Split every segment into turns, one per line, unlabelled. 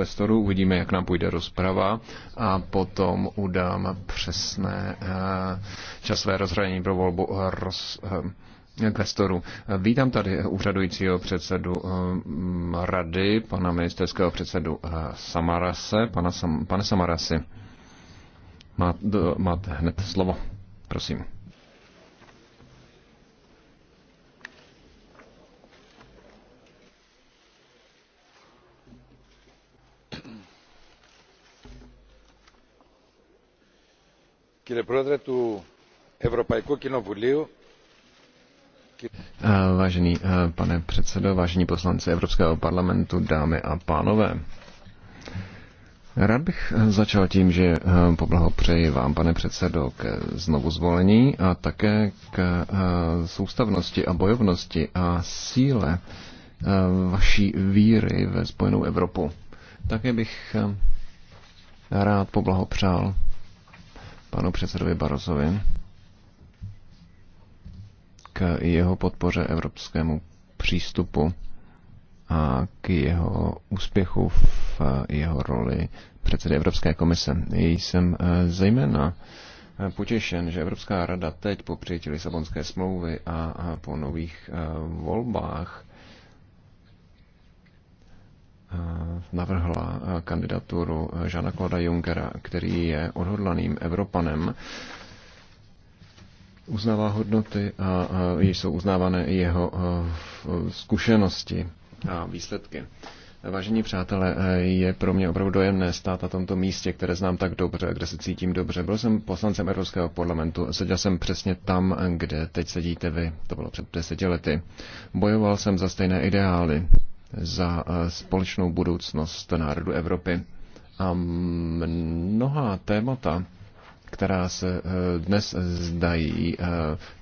kvestorů, uvidíme, jak nám půjde rozprava a potom udám přesné eh, časové rozhraní pro volbu eh, roz, kvestoru. Eh, Vítám tady úřadujícího předsedu rady, pana ministerského předsedu Samarase. Pana Sam, pane Samarasi, máte hned slovo. Prosím. Vážený pane předsedo, vážení poslanci Evropského parlamentu, dámy a pánové. Rád bych e, začal tím, že e, poblahopřeji vám, pane předsedo, k znovu zvolení a také k e, soustavnosti a bojovnosti a síle vaší víry ve spojenou Evropu. Také bych rád poblahopřál panu předsedovi Barozovi k jeho podpoře evropskému přístupu a k jeho úspěchu v jeho roli předsedy Evropské komise. Jsem eh, zejména eh, potěšen, že Evropská rada teď po přijetí Lisabonské smlouvy a po nových eh, volbách Eh, navrhla eh, kandidaturu eh, Žana Klada Junckera, který je odhodlaným Evropanem, uznává hodnoty a jsou uznávané i jeho zkušenosti a výsledky. Vážení přátelé, je pro mě opravdu dojemné stát na tomto místě, které znám tak dobře, kde se cítím dobře. Byl jsem poslancem Evropského parlamentu, seděl jsem přesně tam, kde teď sedíte vy. To bylo před deseti lety. Bojoval jsem za stejné ideály za eh, společnou budoucnost národu Evropy. A mnoha témata, která se eh, dnes zdají, eh,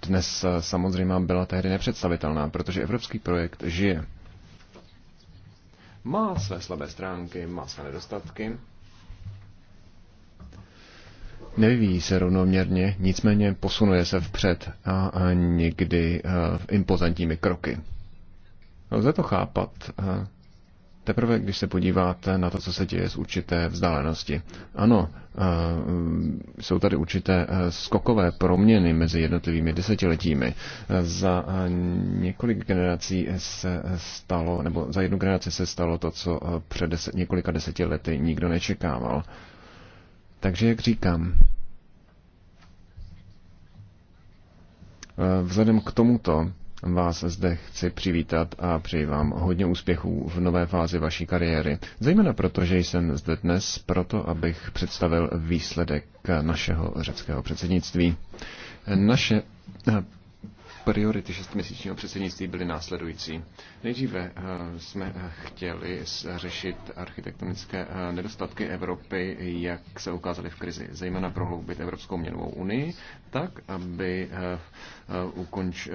dnes samozřejmě byla tehdy nepředstavitelná, protože evropský projekt žije. Má své slabé stránky, má své nedostatky. Nevyvíjí se rovnoměrně, nicméně posunuje se vpřed a někdy impozantními kroky. Lze to chápat eh, teprve, když se podíváte na to, co se děje z určité vzdálenosti. Ano, eh, jsou tady určité eh, skokové proměny mezi jednotlivými desetiletími. Za několik generací se stalo, nebo za jednu generaci se stalo to, co před deset, několika desetiletí nikdo nečekával. Takže, jak říkám, vzhledem k tomuto, vás zde chci přivítat a přeji vám hodně úspěchů v nové fázi vaší kariéry. Zejména proto, že jsem zde dnes proto, abych představil výsledek našeho řeckého předsednictví. Naše Priority šestměsíčního předsednictví byly následující. Nejdříve eh, jsme eh, chtěli řešit architektonické eh, nedostatky Evropy, jak se ukázaly v krizi, zejména prohloubit Evropskou měnovou unii, tak, aby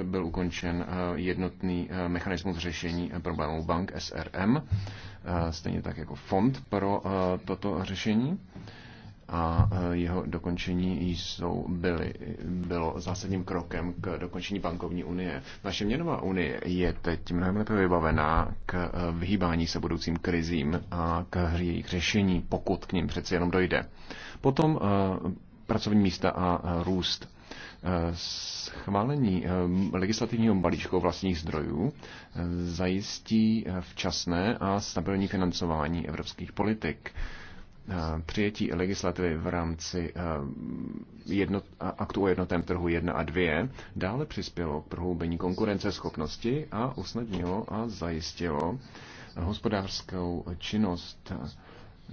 byl ukončen jednotný mechanismus řešení problémů bank SRM, stejně tak jako fond pro toto řešení a e, jeho dokončení jsou byly, bylo zásadním krokem k dokončení bankovní unie. Naše měnová unie je teď mnohem lépe vybavená k e, vyhýbání se budoucím krizím a k jejich řešení, pokud k ním přeci jenom dojde. Potom e, pracovní místa a růst schválení legislativního balíčku vlastních zdrojů zajistí včasné a stabilní financování evropských politik. Eh, přijetí legislativy v rámci eh, jednot, aktu o jednotném trhu 1 a 2 dále přispělo k prohloubení konkurenceschopnosti a usnadnilo a zajistilo hospodářskou činnost eh,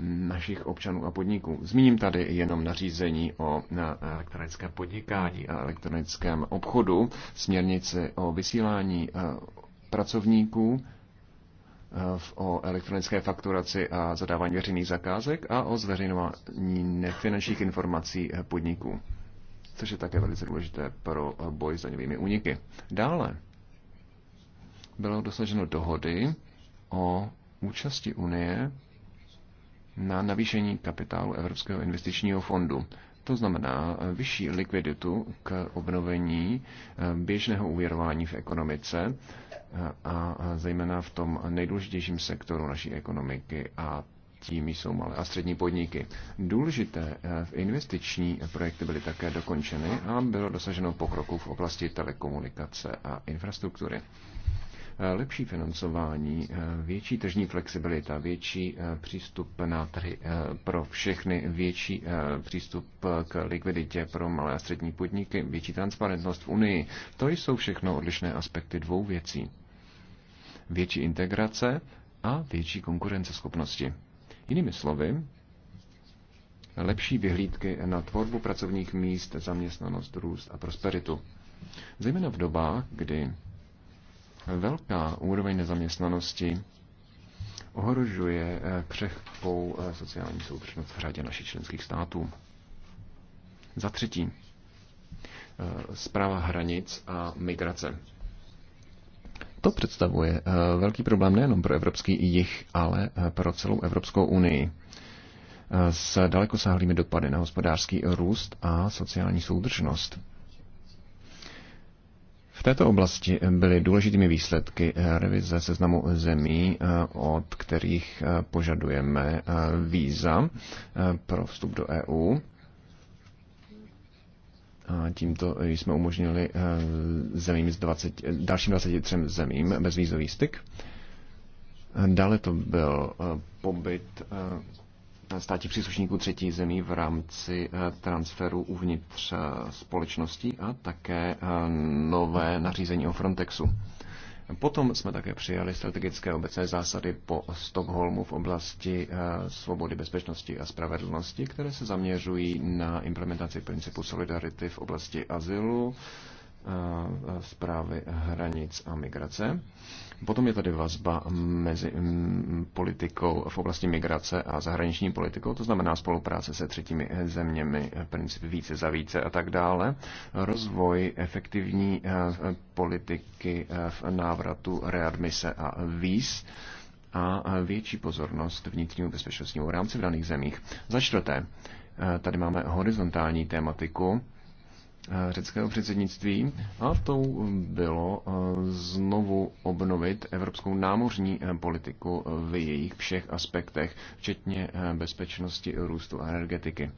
našich občanů a podniků. Zmíním tady jenom nařízení o elektronické podnikání a elektronickém obchodu, směrnici o vysílání pracovníků, o elektronické fakturaci a zadávání veřejných zakázek a o zveřejňování nefinančních informací podniků, což je také velice důležité pro boj s daňovými úniky. Dále bylo dosaženo dohody o účasti Unie na navýšení kapitálu Evropského investičního fondu. To znamená eh, vyšší likviditu k obnovení eh, běžného uvěrování v ekonomice eh, a zejména v tom nejdůležitějším sektoru naší ekonomiky a tím jsou malé a střední podniky. Důležité investiční projekty byly také dokončeny a bylo dosaženo pokroku v oblasti telekomunikace a infrastruktury lepší financování, eh, větší tržní flexibilita, větší eh, přístup na trhy eh, pro všechny, větší přístup k likviditě pro malé a střední podniky, větší transparentnost v Unii. To jsou všechno odlišné aspekty dvou věcí. Větší integrace a větší konkurenceschopnosti. Jinými slovy, lepší vyhlídky na tvorbu pracovních míst, zaměstnanost, růst a prosperitu. Zejména v dobách, kdy velká úroveň nezaměstnanosti ohrožuje eh, křehkou eh, sociální soudržnost v řadě našich členských států. Za třetí, zpráva eh, hranic a migrace. To představuje velký problém nejenom pro evropský jich, ale pro celou Evropskou unii s dalekosáhlými dopady na hospodářský růst a sociální soudržnost. V této oblasti byly důležitými výsledky revize seznamu zemí, eh, od kterých eh, požadujeme eh, víza pro vstup do EU. A tímto jsme umožnili zemím z 20, dalším 23 zemím bezvízový styk. Dále to byl pobyt státí příslušníků třetí zemí v rámci eh, transferu uvnitř eh, společností a také eh, nové nařízení o Frontexu. Potom jsme také přijali strategické obecné zásady po Stockholmu v oblasti svobody, bezpečnosti a spravedlnosti, které se zaměřují na implementaci principu solidarity v oblasti azylu, zprávy hranic a migrace. Potom je tady vazba mezi mm, politikou v oblasti migrace a zahraniční politikou, to znamená spolupráce se třetími eh, zeměmi, eh, princip více za více a tak dále. Rozvoj efektivní eh, politiky v návratu, readmise a víz a větší pozornost vnitřnímu bezpečnostnímu rámci v daných zemích. Za čtvrté, tady máme horizontální tématiku, Eh, řeckého předsednictví a tou bylo eh, znovu obnovit evropskou námořní eh, politiku v jejich všech aspektech, včetně bezpečnosti, růstu a energetiky.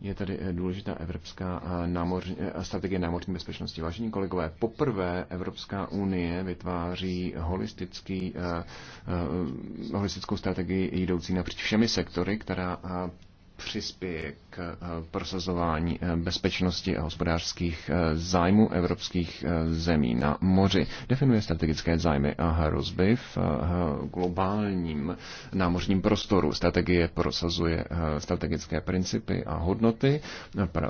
Je tady důležitá evropská námoř, strategie námořní bezpečnosti. Vážení kolegové, poprvé Evropská unie vytváří holistický, holistickou strategii jdoucí napříč všemi sektory, která přispěje k eh, prosazování eh, bezpečnosti a hospodářských eh, zájmů evropských zemí na moři. Definuje strategické zájmy a hrozby v globálním námořním prostoru. Strategie prosazuje strategické principy a hodnoty,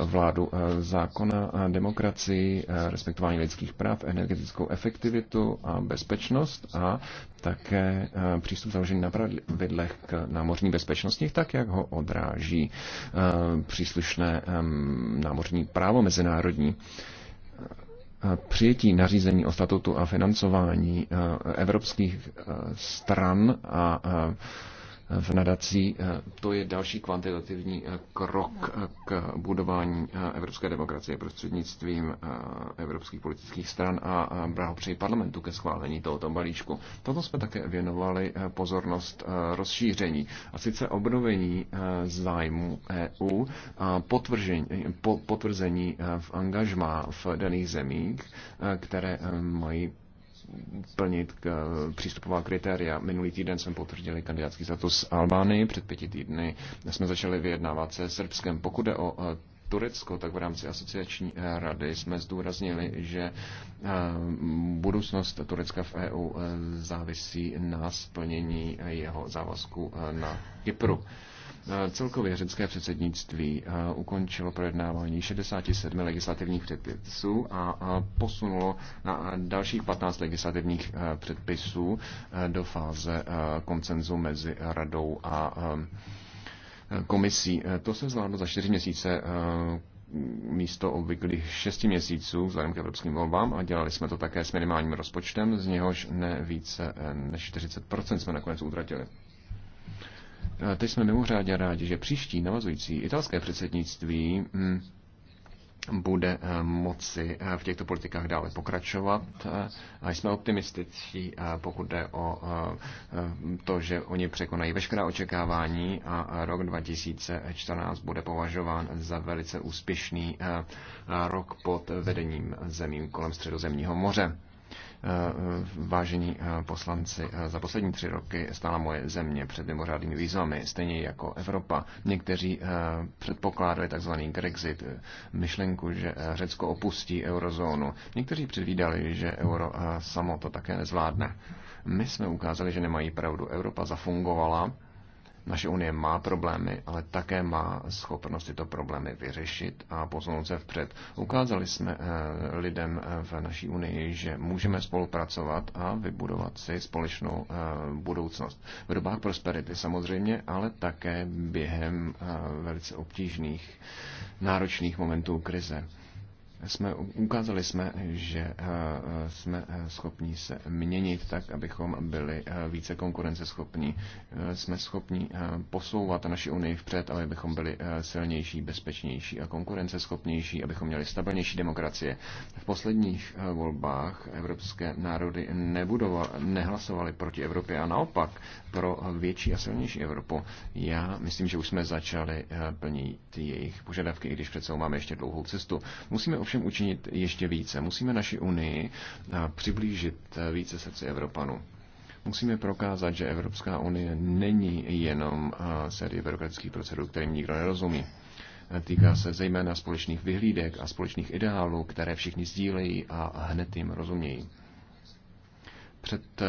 vládu zákona, a demokracii, respektování lidských práv, energetickou efektivitu a bezpečnost a také eh, přístup založený na pravidlech k námořní bezpečnosti, tak jak ho odráží eh, příslušné námořní právo mezinárodní. Eh, přijetí nařízení o statutu a financování evropských stran a v nadací. Eh, to je další kvantitativní eh, krok eh, k budování evropské demokracie prostřednictvím evropských politických stran a blahopřeji parlamentu ke schválení tohoto balíčku. Toto jsme také věnovali pozornost rozšíření a sice obnovení zájmu EU a potvrzení, potvrzení v angažmá v daných zemích, které mají plnit k, přístupová kritéria. Minulý týden jsme potvrdili kandidátský status Albánii, před pěti týdny jsme začali vyjednávat se Srbskem. Pokud je o e, Turecko, tak v rámci asociační e, rady jsme zdůraznili, že e, budoucnost Turecka v EU závisí na splnění jeho závazku na Kypru. Eh, celkově řecké předsednictví eh, ukončilo projednávání 67 legislativních předpisů a eh, posunulo na dalších 15 legislativních předpisů do fáze koncenzu mezi radou a komisí. To se zvládlo za 4 měsíce místo obvyklých 6 měsíců vzhledem k evropským volbám a dělali jsme to také s minimálním rozpočtem, z něhož ne více než 40% jsme nakonec utratili. Teď jsme mimořádně rádi, že příští navazující italské předsednictví mm, bude eh, moci eh, v těchto politikách dále pokračovat. Eh, a jsme optimističtí, pokud jde o to, že oni překonají veškerá očekávání a rok 2014 bude považován za velice úspěšný rok pod vedením zemí kolem Středozemního moře vážení eh, poslanci, eh, za poslední tři roky stála moje země před mimořádnými výzvami, stejně jako Evropa. Někteří eh, předpokládali tzv. Grexit, myšlenku, že Řecko opustí eurozónu. Někteří předvídali, že euro samo to také nezvládne. My jsme ukázali, že nemají pravdu. Evropa zafungovala naše unie má problémy, ale také má schopnost tyto problémy vyřešit a posunout se vpřed. Ukázali jsme eh, lidem eh, v naší unii, že můžeme spolupracovat a vybudovat si společnou eh, budoucnost. V dobách prosperity samozřejmě, ale také během velice obtížných, náročných momentů krize jsme, ukázali jsme, že eh, jsme eh, schopni se měnit tak, abychom byli eh, více konkurenceschopní. Jsme schopni posouvat naši unii vpřed, ale abychom byli silnější, bezpečnější a konkurenceschopnější, abychom měli stabilnější demokracie. V posledních volbách evropské národy nebudova, nehlasovali proti Evropě a naopak pro větší a silnější Evropu. Já myslím, že už jsme začali eh, plnit jejich požadavky, i když přece máme ještě dlouhou cestu. Musíme ovšem učinit ještě více. Musíme naši Unii eh, přiblížit eh, více srdci Evropanů musíme prokázat, že Evropská unie není jenom série byrokratických procedur, kterým nikdo nerozumí. Týká se zejména společných vyhlídek a společných ideálů, které všichni sdílejí a hned jim rozumějí před eh,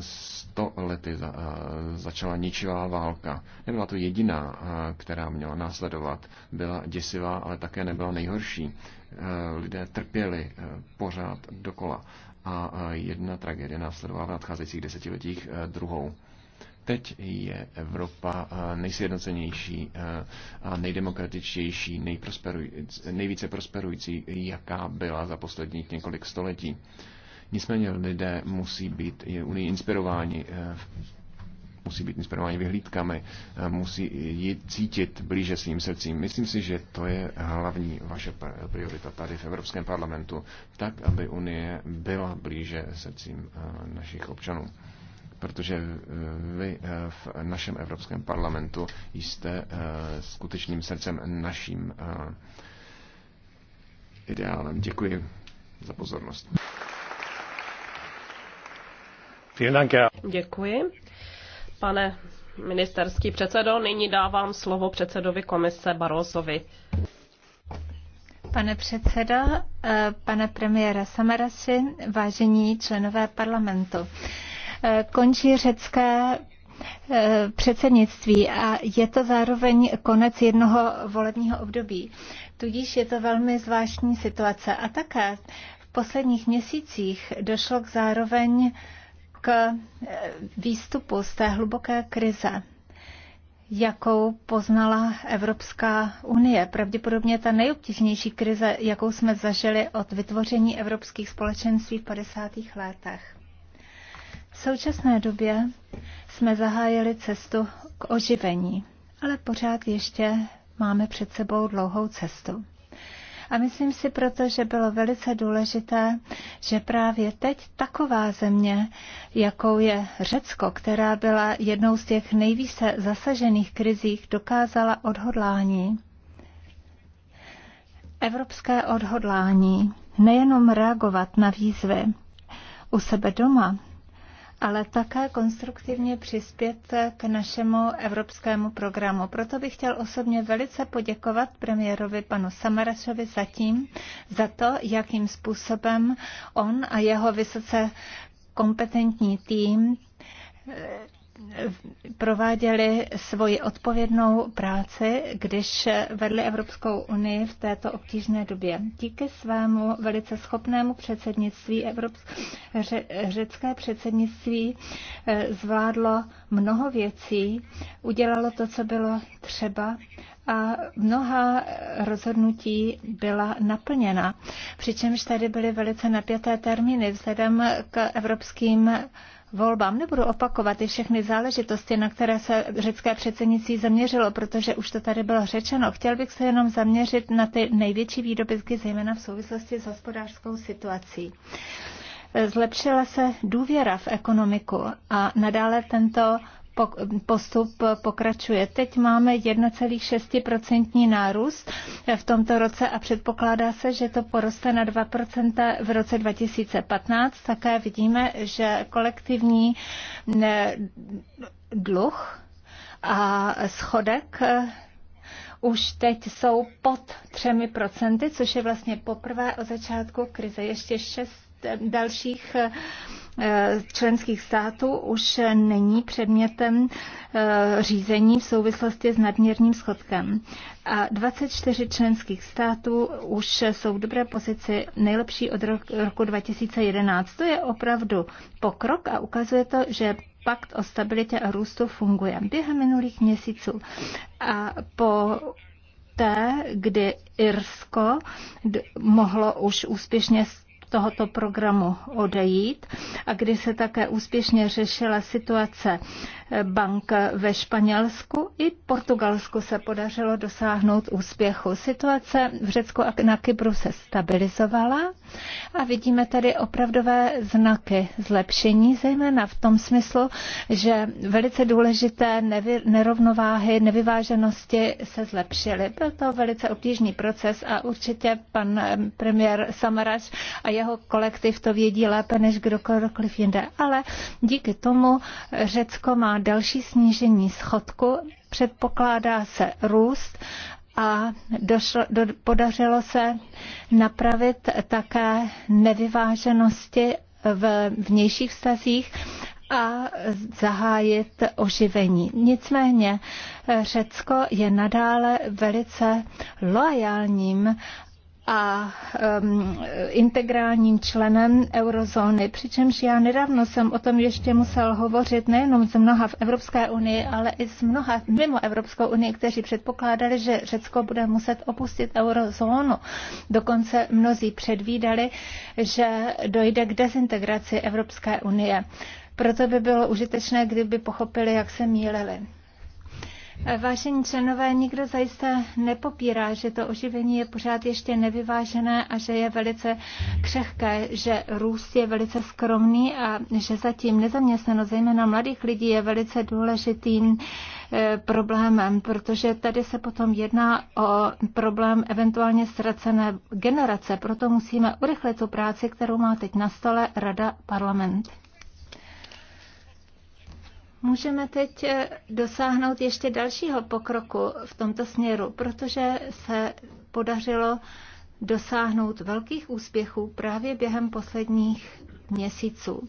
sto lety za, eh, začala ničivá válka. Nebyla to jediná, eh, která měla následovat. Byla děsivá, ale také nebyla nejhorší. Lidé trpěli pořád dokola a jedna tragédie následovala v nadcházejících desetiletích druhou. Teď je Evropa nejsjednocenější a nejdemokratičtější, nejvíce prosperující, jaká byla za posledních několik století Nicméně lidé musí být unii inspirováni eh, musí být inspirováni vyhlídkami, eh, musí ji cítit blíže svým srdcím. Myslím si, že to je hlavní vaše priorita tady v Evropském parlamentu, tak, aby Unie byla blíže srdcím eh, našich občanů. Protože vy v našem Evropském parlamentu jste skutečným srdcem naším ideálem. Děkuji za pozornost.
Děkuji. Pane ministerský předsedo, nyní dávám slovo předsedovi komise Barosovi.
Pane předsedo, eh, pane premiéra Samarasi, vážení členové parlamentu. Eh, končí řecké eh, předsednictví a je to zároveň konec jednoho volebního období. Tudíž je to velmi zvláštní situace. A také v posledních měsících došlo k zároveň k eh, výstupu z té hluboké krize, jakou poznala Evropská unie. Pravděpodobně ta nejobtížnější krize, jakou jsme zažili od vytvoření evropských společenství v 50. letech. V současné době jsme zahájili cestu k oživení, ale pořád ještě máme před sebou dlouhou cestu. A myslím si proto, že bylo velice důležité, že právě teď taková země, jakou je Řecko, která byla jednou z těch nejvíce zasažených krizích, dokázala odhodlání Evropské odhodlání nejenom reagovat na výzvy u sebe doma, ale také konstruktivně přispět k našemu evropskému programu. Proto bych chtěl osobně velice poděkovat premiérovi panu Samarašovi za tím, za to, jakým způsobem on a jeho vysoce kompetentní tým prováděli svoji odpovědnou práci, když vedli Evropskou unii v této obtížné době. Díky svému velice schopnému předsednictví Evrops- ře- řecké předsednictví eh, zvládlo mnoho věcí, udělalo to, co bylo třeba a mnoha rozhodnutí byla naplněna. Přičemž tady byly velice napjaté termíny vzhledem k evropským volbám. Nebudu opakovat i všechny záležitosti, na které se řecké předsednictví zaměřilo, protože už to tady bylo řečeno. Chtěl bych se jenom zaměřit na ty největší výdobytky, zejména v souvislosti s hospodářskou situací. Zlepšila se důvěra v ekonomiku a nadále tento postup pokračuje. Teď máme 1,6% nárůst v tomto roce a předpokládá se, že to poroste na 2% v roce 2015. Také vidíme, že kolektivní dluh a schodek eh, už teď jsou pod třemi procenty, což je vlastně poprvé od začátku krize. Ještě šest dalších eh, členských států už není předmětem eh, řízení v souvislosti s nadměrným schodkem. A 24 členských států už jsou v dobré pozici nejlepší od roku 2011. To je opravdu pokrok a ukazuje to, že pakt o stabilitě a růstu funguje během minulých měsíců. A po té, kdy Irsko mohlo už úspěšně tohoto programu odejít a kdy se také úspěšně řešila situace bank ve Španělsku i Portugalsku se podařilo dosáhnout úspěchu. Situace v Řecku a na Kypru se stabilizovala a vidíme tady opravdové znaky zlepšení, zejména v tom smyslu, že velice důležité nevy, nerovnováhy, nevyváženosti se zlepšily. Byl to velice obtížný proces a určitě pan eh, premiér Samaraš a jeho kolektiv to vědí lépe než kdokoliv jinde. Ale díky tomu Řecko má další snížení schodku, předpokládá se růst a došlo, do, podařilo se napravit také nevyváženosti v vnějších vztazích a zahájit oživení. Nicméně Řecko je nadále velice loajálním a um, integrálním členem eurozóny, přičemž já nedávno jsem o tom ještě musel hovořit nejenom s mnoha v Evropské unii, ale i s mnoha mimo Evropskou unii, kteří předpokládali, že Řecko bude muset opustit eurozónu. Dokonce mnozí předvídali, že dojde k dezintegraci Evropské unie. Proto by bylo užitečné, kdyby pochopili, jak se mílili. Vážení členové, nikdo zajisté nepopírá, že to oživení je pořád ještě nevyvážené a že je velice křehké, že růst je velice skromný a že zatím nezaměstnanost zejména mladých lidí je velice důležitým eh, problémem, protože tady se potom jedná o problém eventuálně ztracené generace. Proto musíme urychlit tu práci, kterou má teď na stole Rada parlament. Můžeme teď eh, dosáhnout ještě dalšího pokroku v tomto směru, protože se podařilo dosáhnout velkých úspěchů právě během posledních měsíců.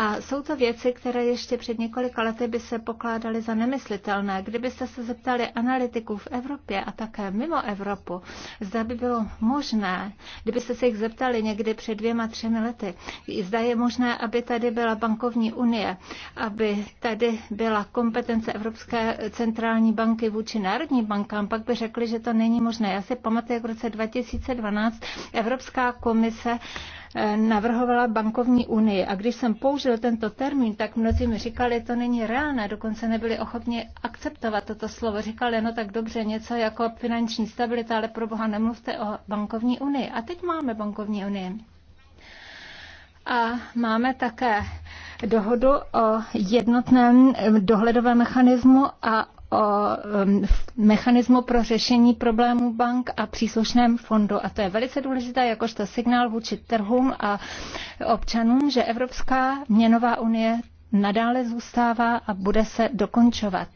A jsou to věci, které ještě před několika lety by se pokládaly za nemyslitelné. Kdybyste se zeptali analytiků v Evropě a také mimo Evropu, zda by bylo možné, kdybyste se jich zeptali někdy před dvěma, třemi lety, zda je možné, aby tady byla bankovní unie, aby tady byla kompetence Evropské centrální banky vůči národním bankám, pak by řekli, že to není možné. Já si pamatuju, jak v roce 2012 Evropská komise Eh, navrhovala bankovní unii. A když jsem použil tento termín, tak mnozí mi říkali, to není reálné, dokonce nebyli ochotni akceptovat toto slovo. Říkali, no tak dobře, něco jako finanční stabilita, ale pro boha nemluvte o bankovní unii. A teď máme bankovní unii. A máme také dohodu o jednotném dohledovém mechanismu a o um, mechanismu pro řešení problémů bank a příslušném fondu. A to je velice důležité jakožto signál vůči trhům a občanům, že Evropská měnová unie nadále zůstává a bude se dokončovat.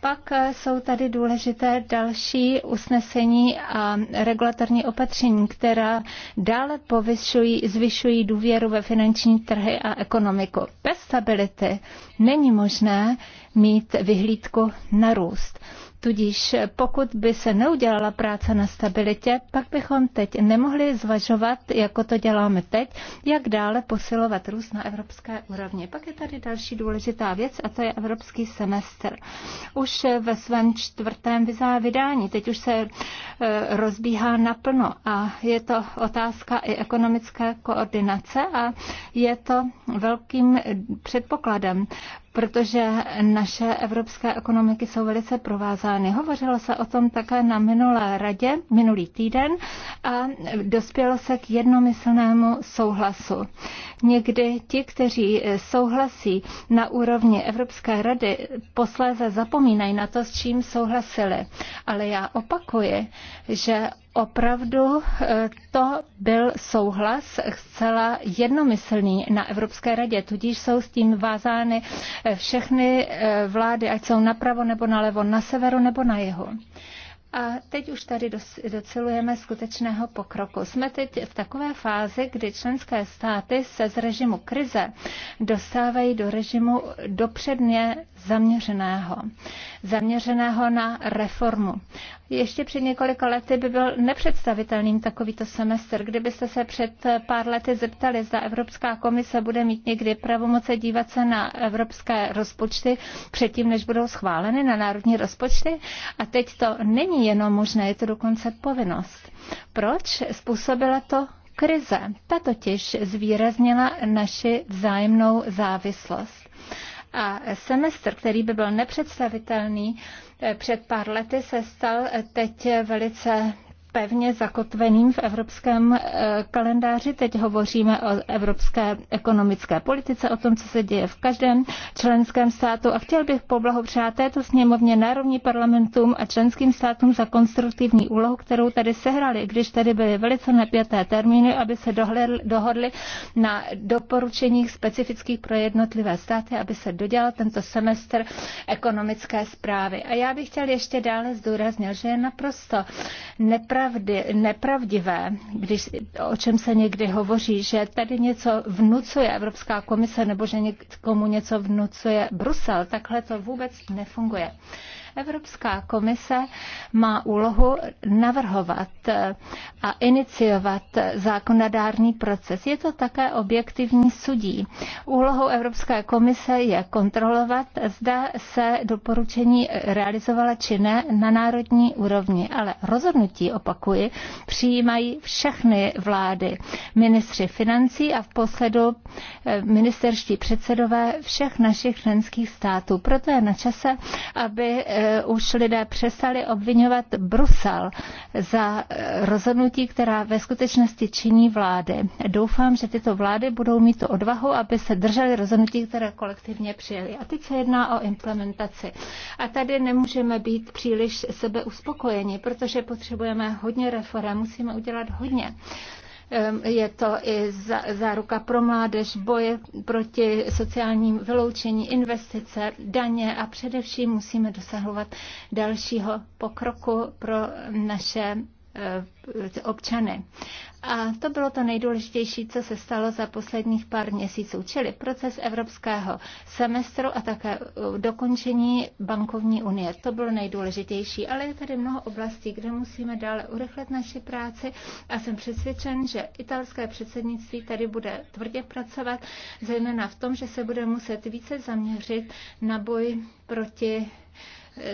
Pak eh, jsou tady důležité další usnesení a regulatorní opatření, která dále povyšují, zvyšují důvěru ve finanční trhy a ekonomiku. Bez stability není možné mít vyhlídku na růst. Tudíž pokud by se neudělala práce na stabilitě, pak bychom teď nemohli zvažovat, jako to děláme teď, jak dále posilovat růst na evropské úrovni. Pak je tady další důležitá věc a to je evropský semestr. Už ve svém čtvrtém vydání, teď už se e, rozbíhá naplno a je to otázka i ekonomické koordinace a je to velkým předpokladem protože naše evropské ekonomiky jsou velice provázány. Hovořilo se o tom také na minulé radě, minulý týden, a dospělo se k jednomyslnému souhlasu. Někdy ti, kteří souhlasí na úrovni Evropské rady, posléze zapomínají na to, s čím souhlasili. Ale já opakuji, že opravdu e, to byl souhlas zcela jednomyslný na Evropské radě, tudíž jsou s tím vázány e, všechny e, vlády, ať jsou napravo nebo nalevo, na severu nebo na jihu. A teď už tady docelujeme skutečného pokroku. Jsme teď v takové fázi, kdy členské státy se z režimu krize dostávají do režimu dopředně zaměřeného. Zaměřeného na reformu. Ještě před několika lety by byl nepředstavitelným takovýto semestr. Kdybyste se před pár lety zeptali, zda Evropská komise bude mít někdy pravomoce dívat se na evropské rozpočty předtím, než budou schváleny na národní rozpočty. A teď to není není jenom možné, je to dokonce povinnost. Proč? Způsobila to krize. Ta totiž zvýraznila naši vzájemnou závislost. A semestr, který by byl nepředstavitelný eh, před pár lety, se stal eh, teď velice pevně zakotveným v evropském eh, kalendáři. Teď hovoříme o evropské ekonomické politice, o tom, co se děje v každém členském státu. A chtěl bych poblahopřát této sněmovně národní parlamentům a členským státům za konstruktivní úlohu, kterou tady sehrali, když tady byly velice napěté termíny, aby se dohodli na doporučeních specifických pro jednotlivé státy, aby se dodělal tento semestr ekonomické zprávy. A já bych chtěl ještě dále zdůraznit, že je naprosto nepra nepravdy, nepravdivé, když, o čem se někdy hovoří, že tady něco vnucuje Evropská komise nebo že někomu něco vnucuje Brusel. Takhle to vůbec nefunguje. Evropská komise má úlohu navrhovat a iniciovat zákonodárný proces. Je to také objektivní sudí. Úlohou Evropské komise je kontrolovat, zda se doporučení realizovala či ne na národní úrovni. Ale rozhodnutí, opakuji, přijímají všechny vlády, ministři financí a v posledu eh, ministerští předsedové všech našich členských států. Proto je na čase, aby eh, Eh, už lidé přestali obvinovat Brusel za eh, rozhodnutí, která ve skutečnosti činí vlády. Doufám, že tyto vlády budou mít tu odvahu, aby se držely rozhodnutí, které kolektivně přijeli. A teď se jedná o implementaci. A tady nemůžeme být příliš sebeuspokojeni, protože potřebujeme hodně reform, musíme udělat hodně je to i záruka pro mládež, boje proti sociálním vyloučení, investice, daně a především musíme dosahovat dalšího pokroku pro naše Eh, občany. A to bylo to nejdůležitější, co se stalo za posledních pár měsíců, čili proces evropského semestru a také eh, dokončení bankovní unie. To bylo nejdůležitější, ale je tady mnoho oblastí, kde musíme dále urychlit naši práci a jsem přesvědčen, že italské předsednictví tady bude tvrdě pracovat, zejména v tom, že se bude muset více zaměřit na boj proti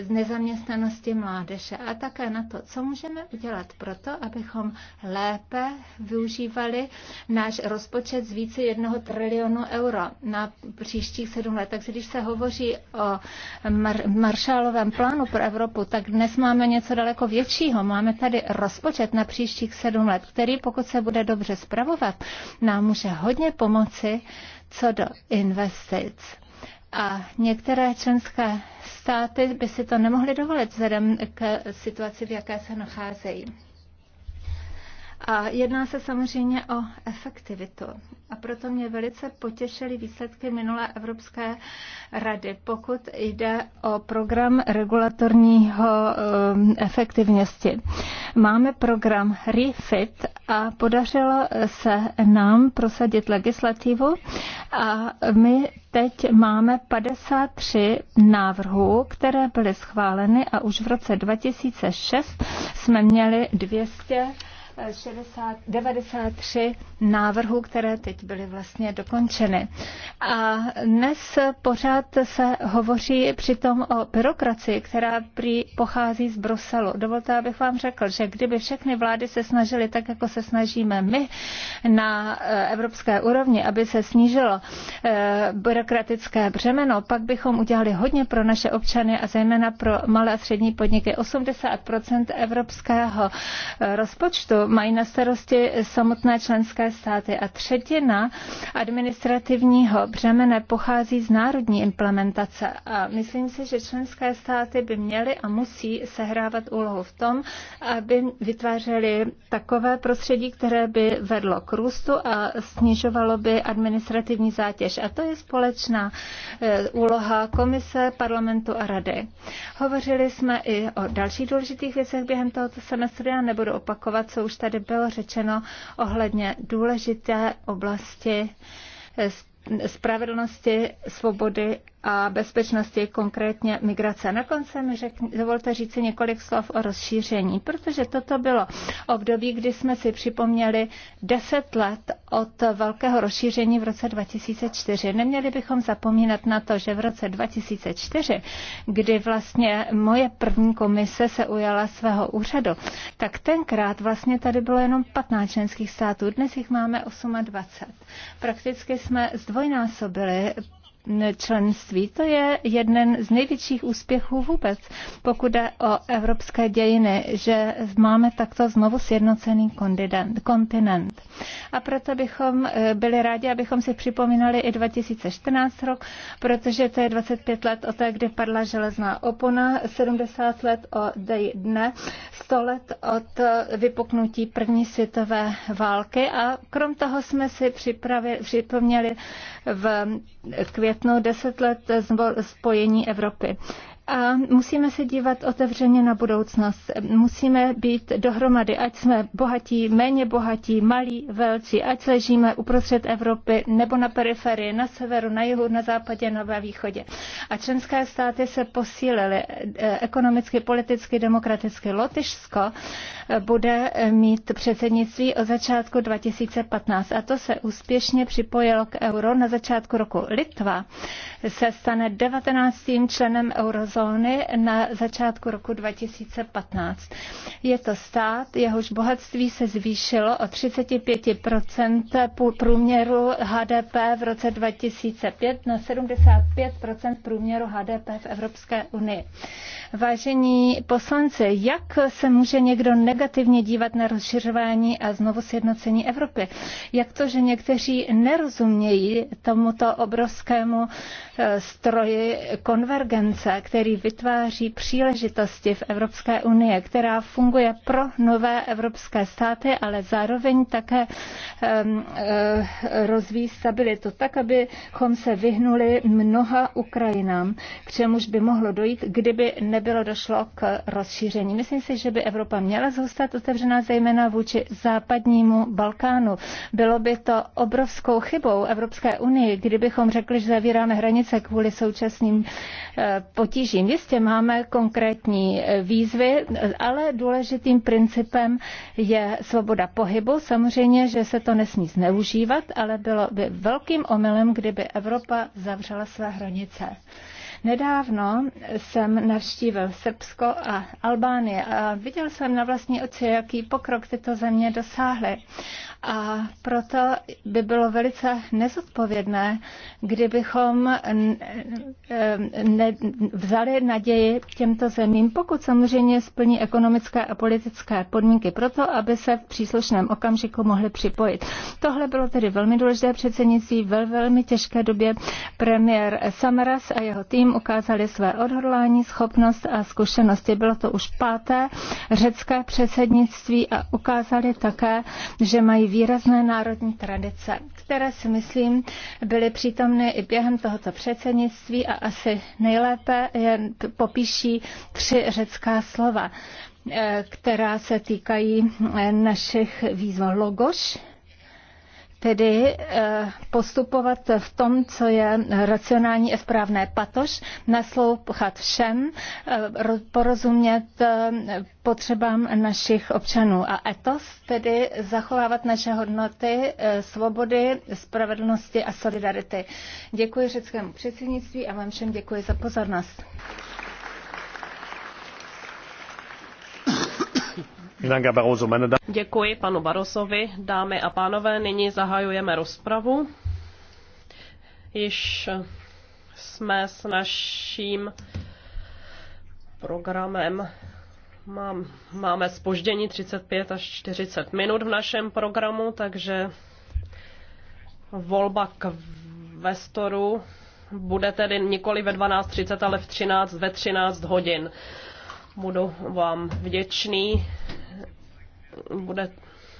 z nezaměstnanosti mládeže a také na to, co můžeme udělat to, abychom lépe využívali náš rozpočet z více jednoho trilionu euro na příštích sedm let. Takže když se hovoří o mar- maršálovém plánu pro Evropu, tak dnes máme něco daleko většího. Máme tady rozpočet na příštích sedm let, který, pokud se bude dobře spravovat, nám může hodně pomoci co do investic a některé členské státy by si to nemohly dovolit vzhledem k situaci, v jaké se nacházejí. A jedná se samozřejmě o efektivitu. A proto mě velice potěšily výsledky minulé Evropské rady, pokud jde o program regulatorního um, efektivnosti. Máme program REFIT a podařilo se nám prosadit legislativu, a my teď máme 53 návrhů, které byly schváleny a už v roce 2006 jsme měli 200 60, 93 návrhů, které teď byly vlastně dokončeny. A dnes pořád se hovoří přitom o byrokracii, která prý pochází z Bruselu. Dovolte, abych vám řekl, že kdyby všechny vlády se snažily tak, jako se snažíme my na eh, evropské úrovni, aby se snížilo eh, byrokratické břemeno, pak bychom udělali hodně pro naše občany a zejména pro malé a střední podniky. 80 evropského eh, rozpočtu mají na starosti samotné členské státy a třetina administrativního břemene pochází z národní implementace. A myslím si, že členské státy by měly a musí sehrávat úlohu v tom, aby vytvářely takové prostředí, které by vedlo k růstu a snižovalo by administrativní zátěž. A to je společná eh, úloha komise, parlamentu a rady. Hovořili jsme i o dalších důležitých věcech během tohoto semestru, já nebudu opakovat, co už už tady bylo řečeno ohledně důležité oblasti spravedlnosti, svobody a bezpečnosti, konkrétně migrace. Na konci mi řekni, dovolte říci několik slov o rozšíření, protože toto bylo období, kdy jsme si připomněli deset let od velkého rozšíření v roce 2004. Neměli bychom zapomínat na to, že v roce 2004, kdy vlastně moje první komise se ujala svého úřadu, tak tenkrát vlastně tady bylo jenom 15 členských států, dnes jich máme 28. Prakticky jsme zdvojnásobili členství. To je jeden z největších úspěchů vůbec, pokud jde o evropské dějiny, že máme takto znovu sjednocený kontinent. A proto bychom eh, byli rádi, abychom si připomínali i 2014 rok, protože to je 25 let od té, kdy padla železná opona, 70 let od dne, 100 let od eh, vypuknutí první světové války a krom toho jsme si připravili, připomněli v květnu deset let spojení Evropy a musíme se dívat otevřeně na budoucnost. Musíme být dohromady, ať jsme bohatí, méně bohatí, malí, velcí, ať ležíme uprostřed Evropy nebo na periferii, na severu, na jihu, na západě, na východě. A členské státy se posílily eh, ekonomicky, politicky, demokraticky. Lotyšsko eh, bude mít předsednictví od začátku 2015 a to se úspěšně připojilo k euro na začátku roku. Litva se stane 19. členem eurozóny na začátku roku 2015. Je to stát, jehož bohatství se zvýšilo o 35 průměru HDP v roce 2005 na 75 průměru HDP v Evropské unii. Vážení poslanci, jak se může někdo negativně dívat na rozšiřování a znovu sjednocení Evropy? Jak to, že někteří nerozumějí tomuto obrovskému Eh, stroji konvergence, který vytváří příležitosti v Evropské unii, která funguje pro nové evropské státy, ale zároveň také eh, rozvíjí stabilitu, tak, abychom se vyhnuli mnoha Ukrajinám, k čemuž by mohlo dojít, kdyby nebylo došlo k rozšíření. Myslím si, že by Evropa měla zůstat otevřená zejména vůči západnímu Balkánu. Bylo by to obrovskou chybou Evropské unie, kdybychom řekli, že zavíráme hranice hranice kvůli současným eh, potížím. Jistě máme konkrétní eh, výzvy, ale důležitým principem je svoboda pohybu. Samozřejmě, že se to nesmí zneužívat, ale bylo by velkým omylem, kdyby Evropa zavřela své hranice. Nedávno jsem navštívil Srbsko a Albánie a viděl jsem na vlastní oči, jaký pokrok tyto země dosáhly. A proto by bylo velice nezodpovědné, kdybychom ne, vzali naději těmto zemím, pokud samozřejmě splní ekonomické a politické podmínky pro to, aby se v příslušném okamžiku mohli připojit. Tohle bylo tedy velmi důležité předsednictví ve velmi těžké době. Premiér Samaras a jeho tým ukázali své odhodlání, schopnost a zkušenosti. Bylo to už páté řecké předsednictví a ukázali také, že mají výrazné národní tradice, které si myslím byly přítomny i během tohoto předsednictví a asi nejlépe je popíší tři řecká slova, eh, která se týkají eh, našich výzv logoš, tedy eh, postupovat v tom, co je racionální a správné patoš, naslouchat všem, eh, porozumět eh, potřebám našich občanů a etos, tedy zachovávat naše hodnoty svobody, spravedlnosti a solidarity. Děkuji řeckému předsednictví a vám všem děkuji za pozornost.
Děkuji panu Barosovi. Dámy a pánové, nyní zahajujeme rozpravu. Již jsme s naším programem Mám, máme spoždění 35 až 40 minut v našem programu, takže volba k vestoru bude tedy nikoli ve 12.30, ale v 13, ve 13 hodin. Budu vám vděčný bude,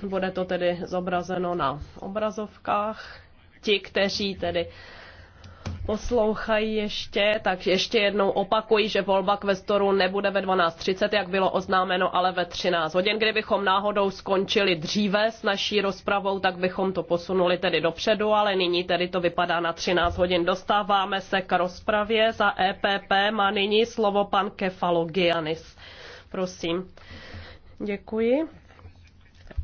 bude to tedy zobrazeno na obrazovkách. Ti, kteří tedy poslouchají ještě, tak ještě jednou opakují, že volba kvestoru nebude ve 12.30, jak bylo oznámeno, ale ve 13 hodin. Kdybychom náhodou skončili dříve s naší rozpravou, tak bychom to posunuli tedy dopředu, ale nyní tedy to vypadá na 13 hodin. Dostáváme se k rozpravě. Za EPP má nyní slovo pan Kefalogianis. Prosím. Děkuji.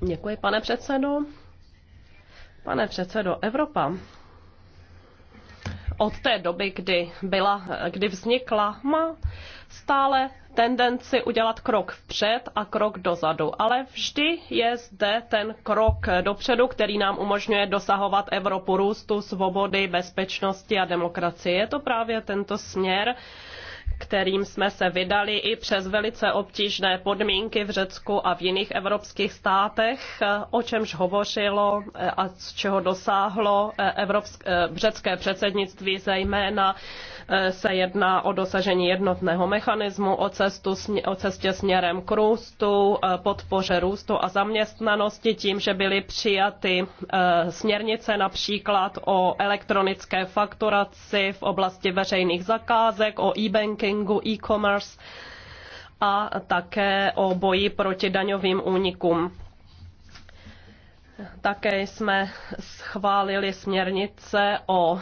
Děkuji, pane předsedo. Pane předsedo, Evropa od té doby, kdy, byla, kdy vznikla, má stále tendenci udělat krok vpřed a krok dozadu, ale vždy je zde ten krok dopředu, který nám umožňuje dosahovat Evropu růstu, svobody, bezpečnosti a demokracie. Je to právě tento směr, kterým jsme se vydali i přes velice obtížné podmínky v Řecku a v jiných evropských státech, o čemž hovořilo eh, a z čeho dosáhlo eh, evropské, eh, řecké předsednictví zejména Eh, se jedná o dosažení jednotného mechanismu, o, cestu, o cestě směrem k růstu, eh, podpoře růstu a zaměstnanosti tím, že byly přijaty eh, směrnice například o elektronické fakturaci v oblasti veřejných zakázek, o e-bankingu, e-commerce a také o boji proti daňovým únikům. Také jsme schválili směrnice o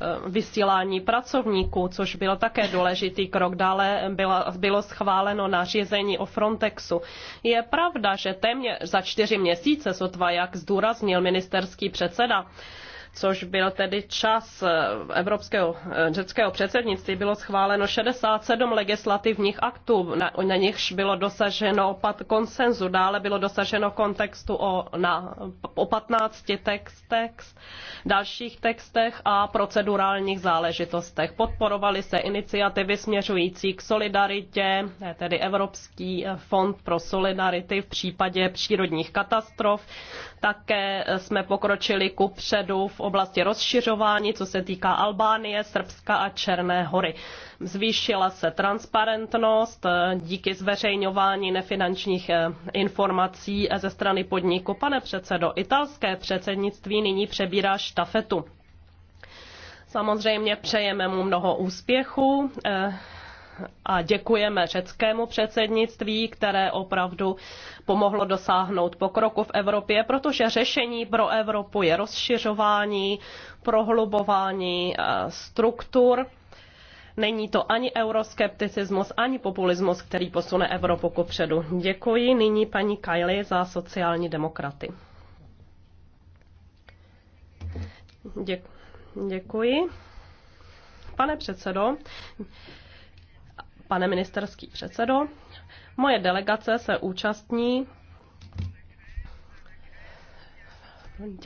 Eh, vysílání pracovníků, což byl také důležitý krok. Dále bylo, bylo schváleno nařízení o Frontexu. Je pravda, že téměř za čtyři měsíce, sotva jak zdůraznil ministerský předseda, což byl tedy čas eh, evropského eh, řeckého předsednictví, bylo schváleno 67 legislativních aktů, na, na nichž bylo dosaženo opat konsenzu, dále bylo dosaženo kontextu o, na, o 15 textech, dalších textech a procedurálních záležitostech. Podporovaly se iniciativy směřující k solidaritě, eh, tedy Evropský fond pro solidarity v případě přírodních katastrof. Také jsme pokročili ku předu v oblasti rozšiřování, co se týká Albánie, Srbska a Černé hory. Zvýšila se transparentnost eh, díky zveřejňování nefinančních eh, informací eh, ze strany podniku. Pane předsedo, italské předsednictví nyní přebírá štafetu. Samozřejmě přejeme mu mnoho úspěchů a děkujeme řeckému předsednictví, které opravdu pomohlo dosáhnout pokroku v Evropě, protože řešení pro Evropu je rozšiřování, prohlubování eh, struktur. Není to ani euroskepticismus, ani populismus, který posune Evropu ku předu. Děkuji nyní paní Kylie za sociální demokraty. Děkuji. Pane předsedo, pane ministerský předsedo. Moje delegace se účastní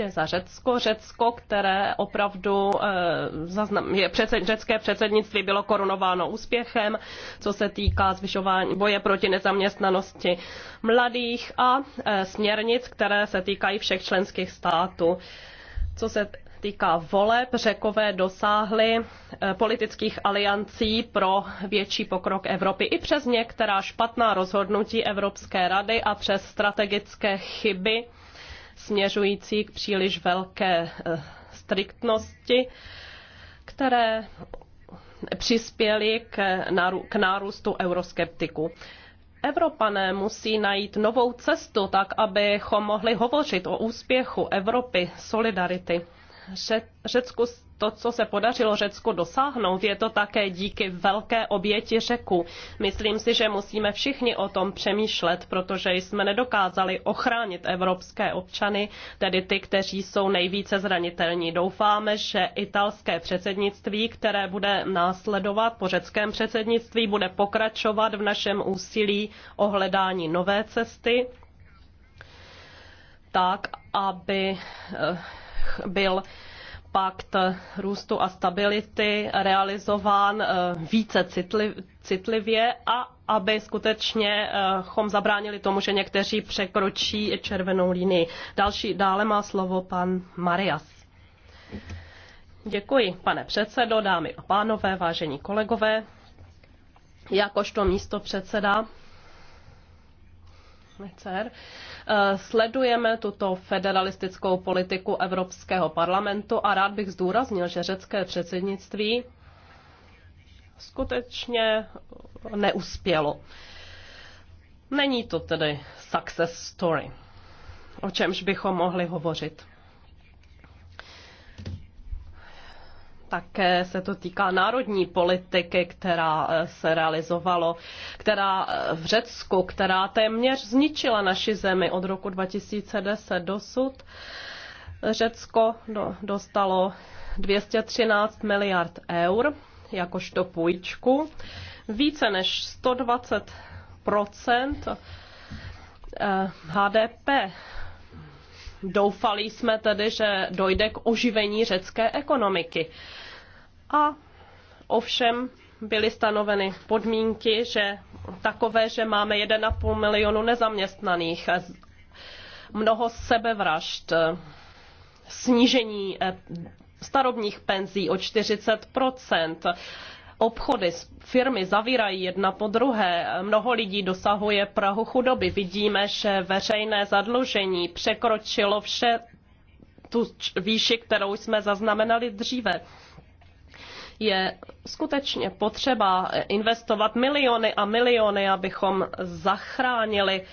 za Řecko. Řecko, které opravdu eh, je předsed, řecké předsednictví bylo korunováno úspěchem, co se týká zvyšování boje proti nezaměstnanosti mladých a eh, směrnic, které se týkají všech členských států. Co se týká voleb, řekové dosáhli eh, politických aliancí pro větší pokrok Evropy i přes některá špatná rozhodnutí Evropské rady a přes strategické chyby směřující k příliš velké eh, striktnosti, které přispěly k nárůstu euroskeptiku. Evropané musí najít novou cestu, tak abychom mohli hovořit o úspěchu Evropy, solidarity. Řecku, to, co se podařilo Řecku dosáhnout, je to také díky velké oběti řeku. Myslím si, že musíme všichni o tom přemýšlet, protože jsme nedokázali ochránit evropské občany, tedy ty, kteří jsou nejvíce zranitelní. Doufáme, že italské předsednictví, které bude následovat po řeckém předsednictví, bude pokračovat v našem úsilí o hledání nové cesty tak, aby eh, byl pakt růstu a stability realizován eh, více citlivě a aby skutečně eh, chom zabránili tomu, že někteří překročí červenou linii. Další dále má slovo pan Marias. Děkuji, pane předsedo, dámy a pánové, vážení kolegové. Jakožto místo předseda CER, Eh, sledujeme tuto federalistickou politiku Evropského parlamentu a rád bych zdůraznil, že řecké předsednictví skutečně neuspělo. Není to tedy success story, o čemž bychom mohli hovořit. Také se to týká národní politiky, která eh, se realizovalo, která eh, v Řecku, která téměř zničila naši zemi od roku 2010 dosud. Řecko dostalo 213 miliard eur jakožto půjčku, více než 120 eh, HDP doufali jsme tedy, že dojde k oživení řecké ekonomiky. A ovšem byly stanoveny podmínky, že takové, že máme 1,5 milionu nezaměstnaných, mnoho sebevražd, snížení eh, starobních penzí o 40 obchody, firmy zavírají jedna po druhé, mnoho lidí dosahuje prahu chudoby. Vidíme, že veřejné zadlužení překročilo vše tu výši, kterou jsme zaznamenali dříve je skutečně potřeba investovat miliony a miliony, abychom zachránili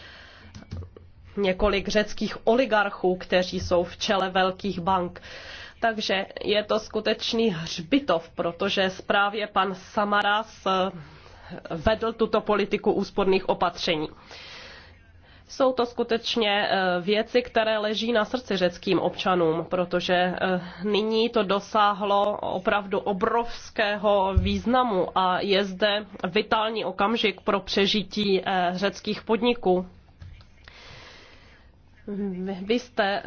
několik řeckých oligarchů, kteří jsou v čele velkých bank. Takže je to skutečný hřbitov, protože zprávě pan Samaras eh, vedl tuto politiku úsporných opatření. Jsou to skutečně eh, věci, které leží na srdci řeckým občanům, protože eh, nyní to dosáhlo opravdu obrovského významu a je zde vitální okamžik pro přežití řeckých podniků, vy jste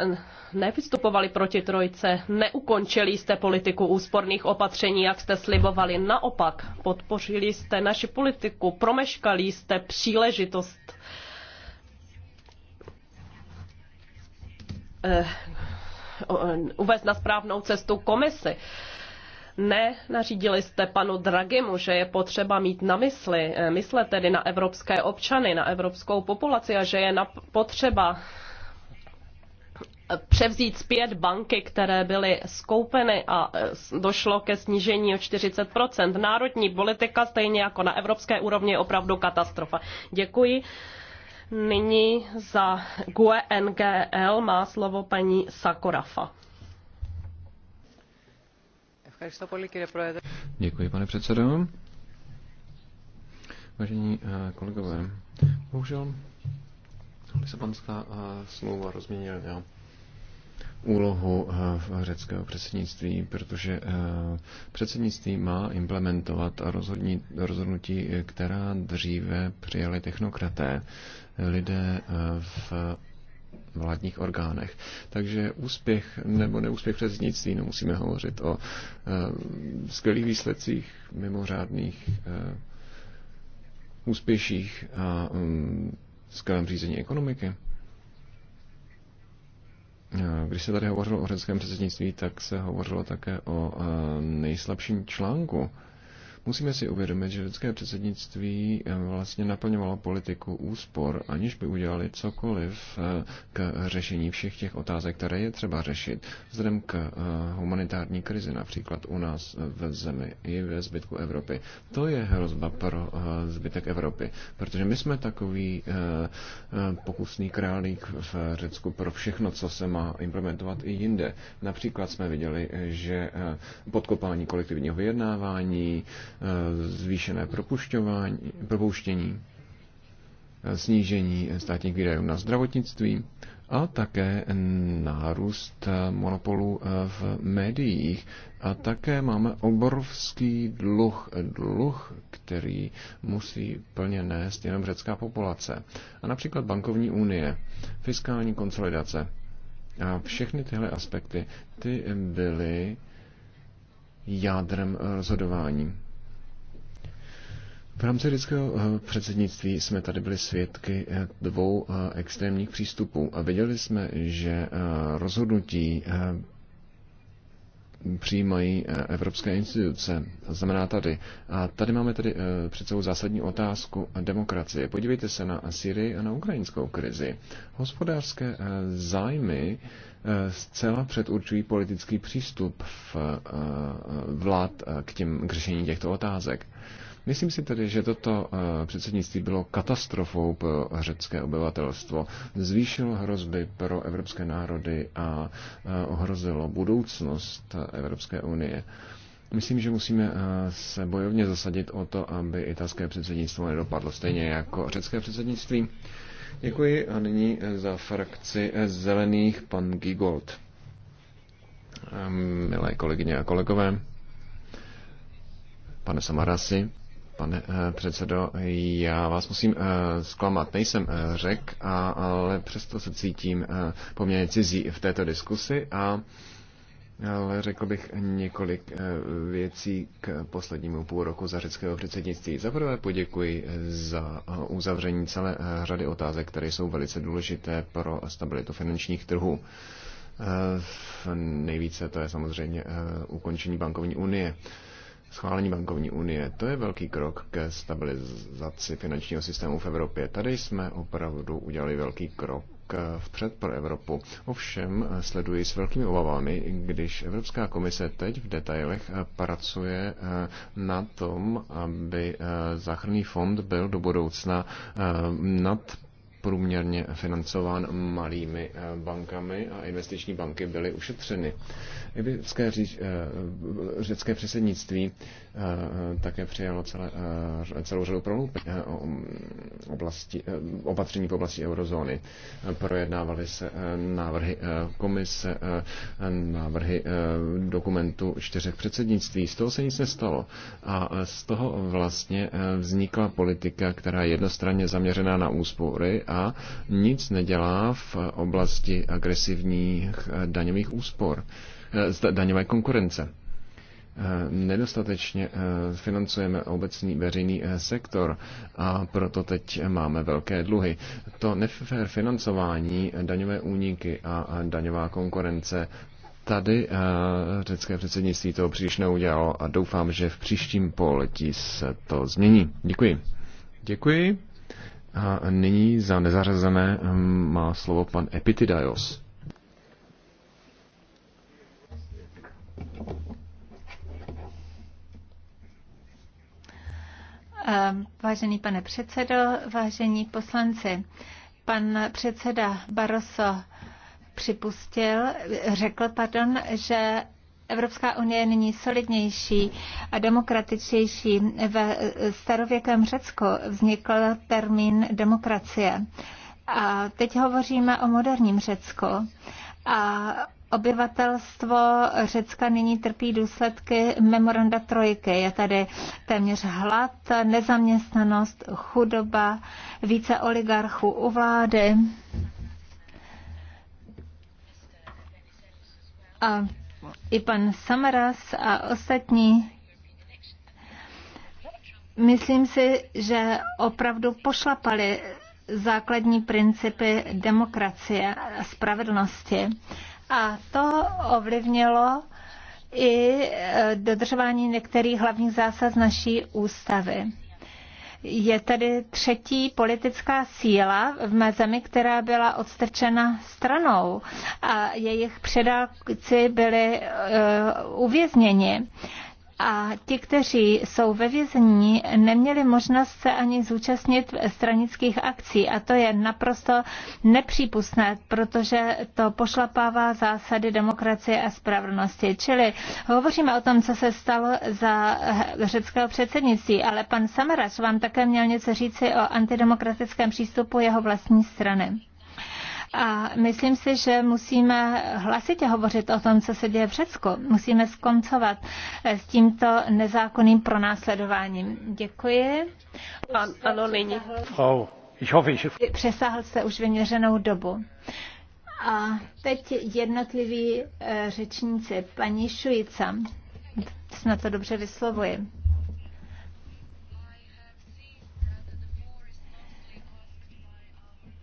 nevystupovali proti trojce, neukončili jste politiku úsporných opatření, jak jste slibovali. Naopak, podpořili jste naši politiku, promeškali jste příležitost eh, uvést na správnou cestu komisi. Ne, nařídili jste panu Dragimu, že je potřeba mít na mysli, eh, myslet tedy na evropské občany, na evropskou populaci a že je potřeba převzít zpět banky, které byly skoupeny a e, došlo ke snížení o 40 Národní politika, stejně jako na evropské úrovni, je opravdu katastrofa. Děkuji. Nyní za GUE NGL má slovo paní Sakorafa.
Děkuji, pane předsedo. Vážení e, kolegové, bohužel Lisabonská e, smlouva rozměnila úlohu eh, v řeckého předsednictví, protože eh, předsednictví má implementovat a rozhodnutí, která dříve přijali technokraté, lidé eh, v vládních orgánech. Takže úspěch nebo neúspěch předsednictví, no musíme hovořit o skvělých výsledcích, mimořádných úspěších a mm, skvělém řízení ekonomiky. Eh, když se tady hovořilo o řeckém předsednictví, tak se hovořilo také o eh, nejslabším článku Musíme si uvědomit, že lidské předsednictví eh, vlastně naplňovalo politiku úspor, aniž by udělali cokoliv eh, k řešení všech těch otázek, které je třeba řešit, vzhledem k eh, humanitární krizi, například u nás v zemi i ve zbytku Evropy. To je hrozba pro zbytek Evropy, protože my jsme takový pokusný králík v Řecku pro všechno, co se má implementovat i jinde. Například jsme viděli, že podkopání kolektivního vyjednávání, Eh, zvýšené propuštění, eh, snížení státních výdajů na zdravotnictví a také nárůst eh, monopolů v médiích. A také máme obrovský dluh, dluh, který musí plně nést jenom řecká populace. A například bankovní unie, fiskální konsolidace. A všechny tyhle aspekty, ty byly jádrem rozhodování. V rámci lidského eh, předsednictví jsme tady byli svědky eh, dvou eh, extrémních přístupů a viděli jsme, že rozhodnutí přijímají evropské instituce. Znamená tady. A tady máme tedy před sebou zásadní otázku demokracie. Podívejte se na Syrii a na ukrajinskou krizi. Hospodářské zájmy zcela předurčují politický přístup vlád k, těm, k řešení těchto otázek. Myslím si tedy, že toto eh, předsednictví bylo katastrofou pro řecké obyvatelstvo. Zvýšilo hrozby pro evropské národy a eh, ohrozilo budoucnost Evropské unie. Myslím, že musíme eh, se bojovně zasadit o to, aby italské předsednictvo nedopadlo stejně jako řecké předsednictví. Děkuji a nyní za frakci zelených pan Gigold. Milé kolegyně a kolegové, pane Samarasi, Pane eh, předsedo, já vás musím eh, zklamat. Nejsem eh, řek, ale přesto se cítím poměrně cizí v této diskusi a ale řekl bych několik věcí k poslednímu půl roku za řeckého předsednictví. Za prvé poděkuji za uzavření celé řady otázek, které jsou velice důležité pro stabilitu finančních trhů. Nejvíce to je samozřejmě ukončení bankovní unie schválení bankovní unie. To je velký krok ke stabilizaci finančního systému v Evropě. Tady jsme opravdu udělali velký krok eh, vpřed pro Evropu. Ovšem eh, sleduji s velkými obavami, když Evropská komise teď v detailech eh, pracuje na tom, aby záchranný fond byl do budoucna nad průměrně financován malými eh, bankami a investiční banky byly ušetřeny. Evropské eh, eh, řecké předsednictví také přijalo celé, celou řadu mm, oblasti, opatření v oblasti eurozóny. Projednávaly se návrhy komise, návrhy dokumentu čtyřech předsednictví. Z toho se nic nestalo. A z toho vlastně vznikla politika, která je jednostranně zaměřená na úspory USA nic nedělá v oblasti agresivních eh, daňových úspor, eh, daňové konkurence. Eh, nedostatečně financujeme obecný veřejný sektor a proto teď máme velké dluhy. To nefér financování, daňové úniky a daňová konkurence tady řecké předsednictví toho příliš neudělalo a doufám, že v příštím poletí se to změní. Děkuji. Děkuji. A nyní za nezařazené hm, má slovo pan Epitidaios.
Eh, vážený pane předsedo, vážení poslanci, pan předseda Barroso připustil, řekl, pardon, že Evropská unie je nyní solidnější a demokratičtější. Ve starověkém Řecku vznikl termín demokracie. A teď hovoříme o moderním Řecku. A Obyvatelstvo Řecka nyní trpí důsledky memoranda trojky. Je tady téměř hlad, nezaměstnanost, chudoba, více oligarchů u vlády. A i pan Samaras a ostatní myslím si, že opravdu pošlapali základní principy demokracie a spravedlnosti. A to ovlivnilo i eh, dodržování některých hlavních zásad naší ústavy. Je tady třetí politická síla v mé zemi, která byla odstrčena stranou a jejich předáci byli uh, uvězněni. Uh, a ti, kteří jsou ve vězení, neměli možnost se ani zúčastnit stranických akcí a to je naprosto nepřípustné, protože to pošlapává zásady demokracie a spravedlnosti. Čili hovoříme o tom, co se stalo za řeckého předsednictví, ale pan Samaras vám také měl něco říci o antidemokratickém přístupu jeho vlastní strany. A myslím si, že musíme hlasitě hovořit o tom, co se děje v Řecku. Musíme skoncovat s tímto nezákonným pronásledováním. Děkuji.
An, ano, nyní.
Přesáhl se už vyměřenou dobu. A teď jednotliví eh, řečníci. Paní Šujica, snad to dobře vyslovuji.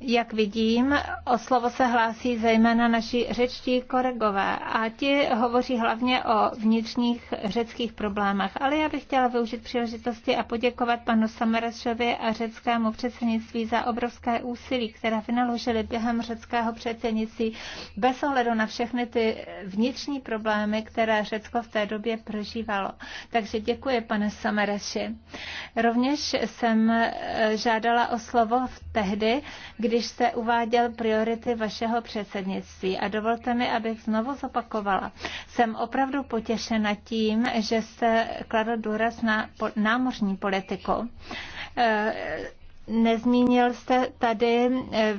Jak vidím, o slovo se hlásí zejména naši řečtí koregové a ti hovoří hlavně o vnitřních řeckých problémech. Ale já bych chtěla využít příležitosti a poděkovat panu Samarešovi a řeckému předsednictví za obrovské úsilí, které vynaložili během řeckého předsednictví bez ohledu na všechny ty vnitřní problémy, které Řecko v té době prožívalo. Takže děkuji, pane Samareši. Rovněž jsem eh, žádala o slovo tehdy, když jste uváděl priority vašeho předsednictví. A dovolte mi, abych znovu zopakovala. Jsem opravdu potěšena tím, že jste kladl důraz na námořní politiku. Eh, nezmínil jste tady eh,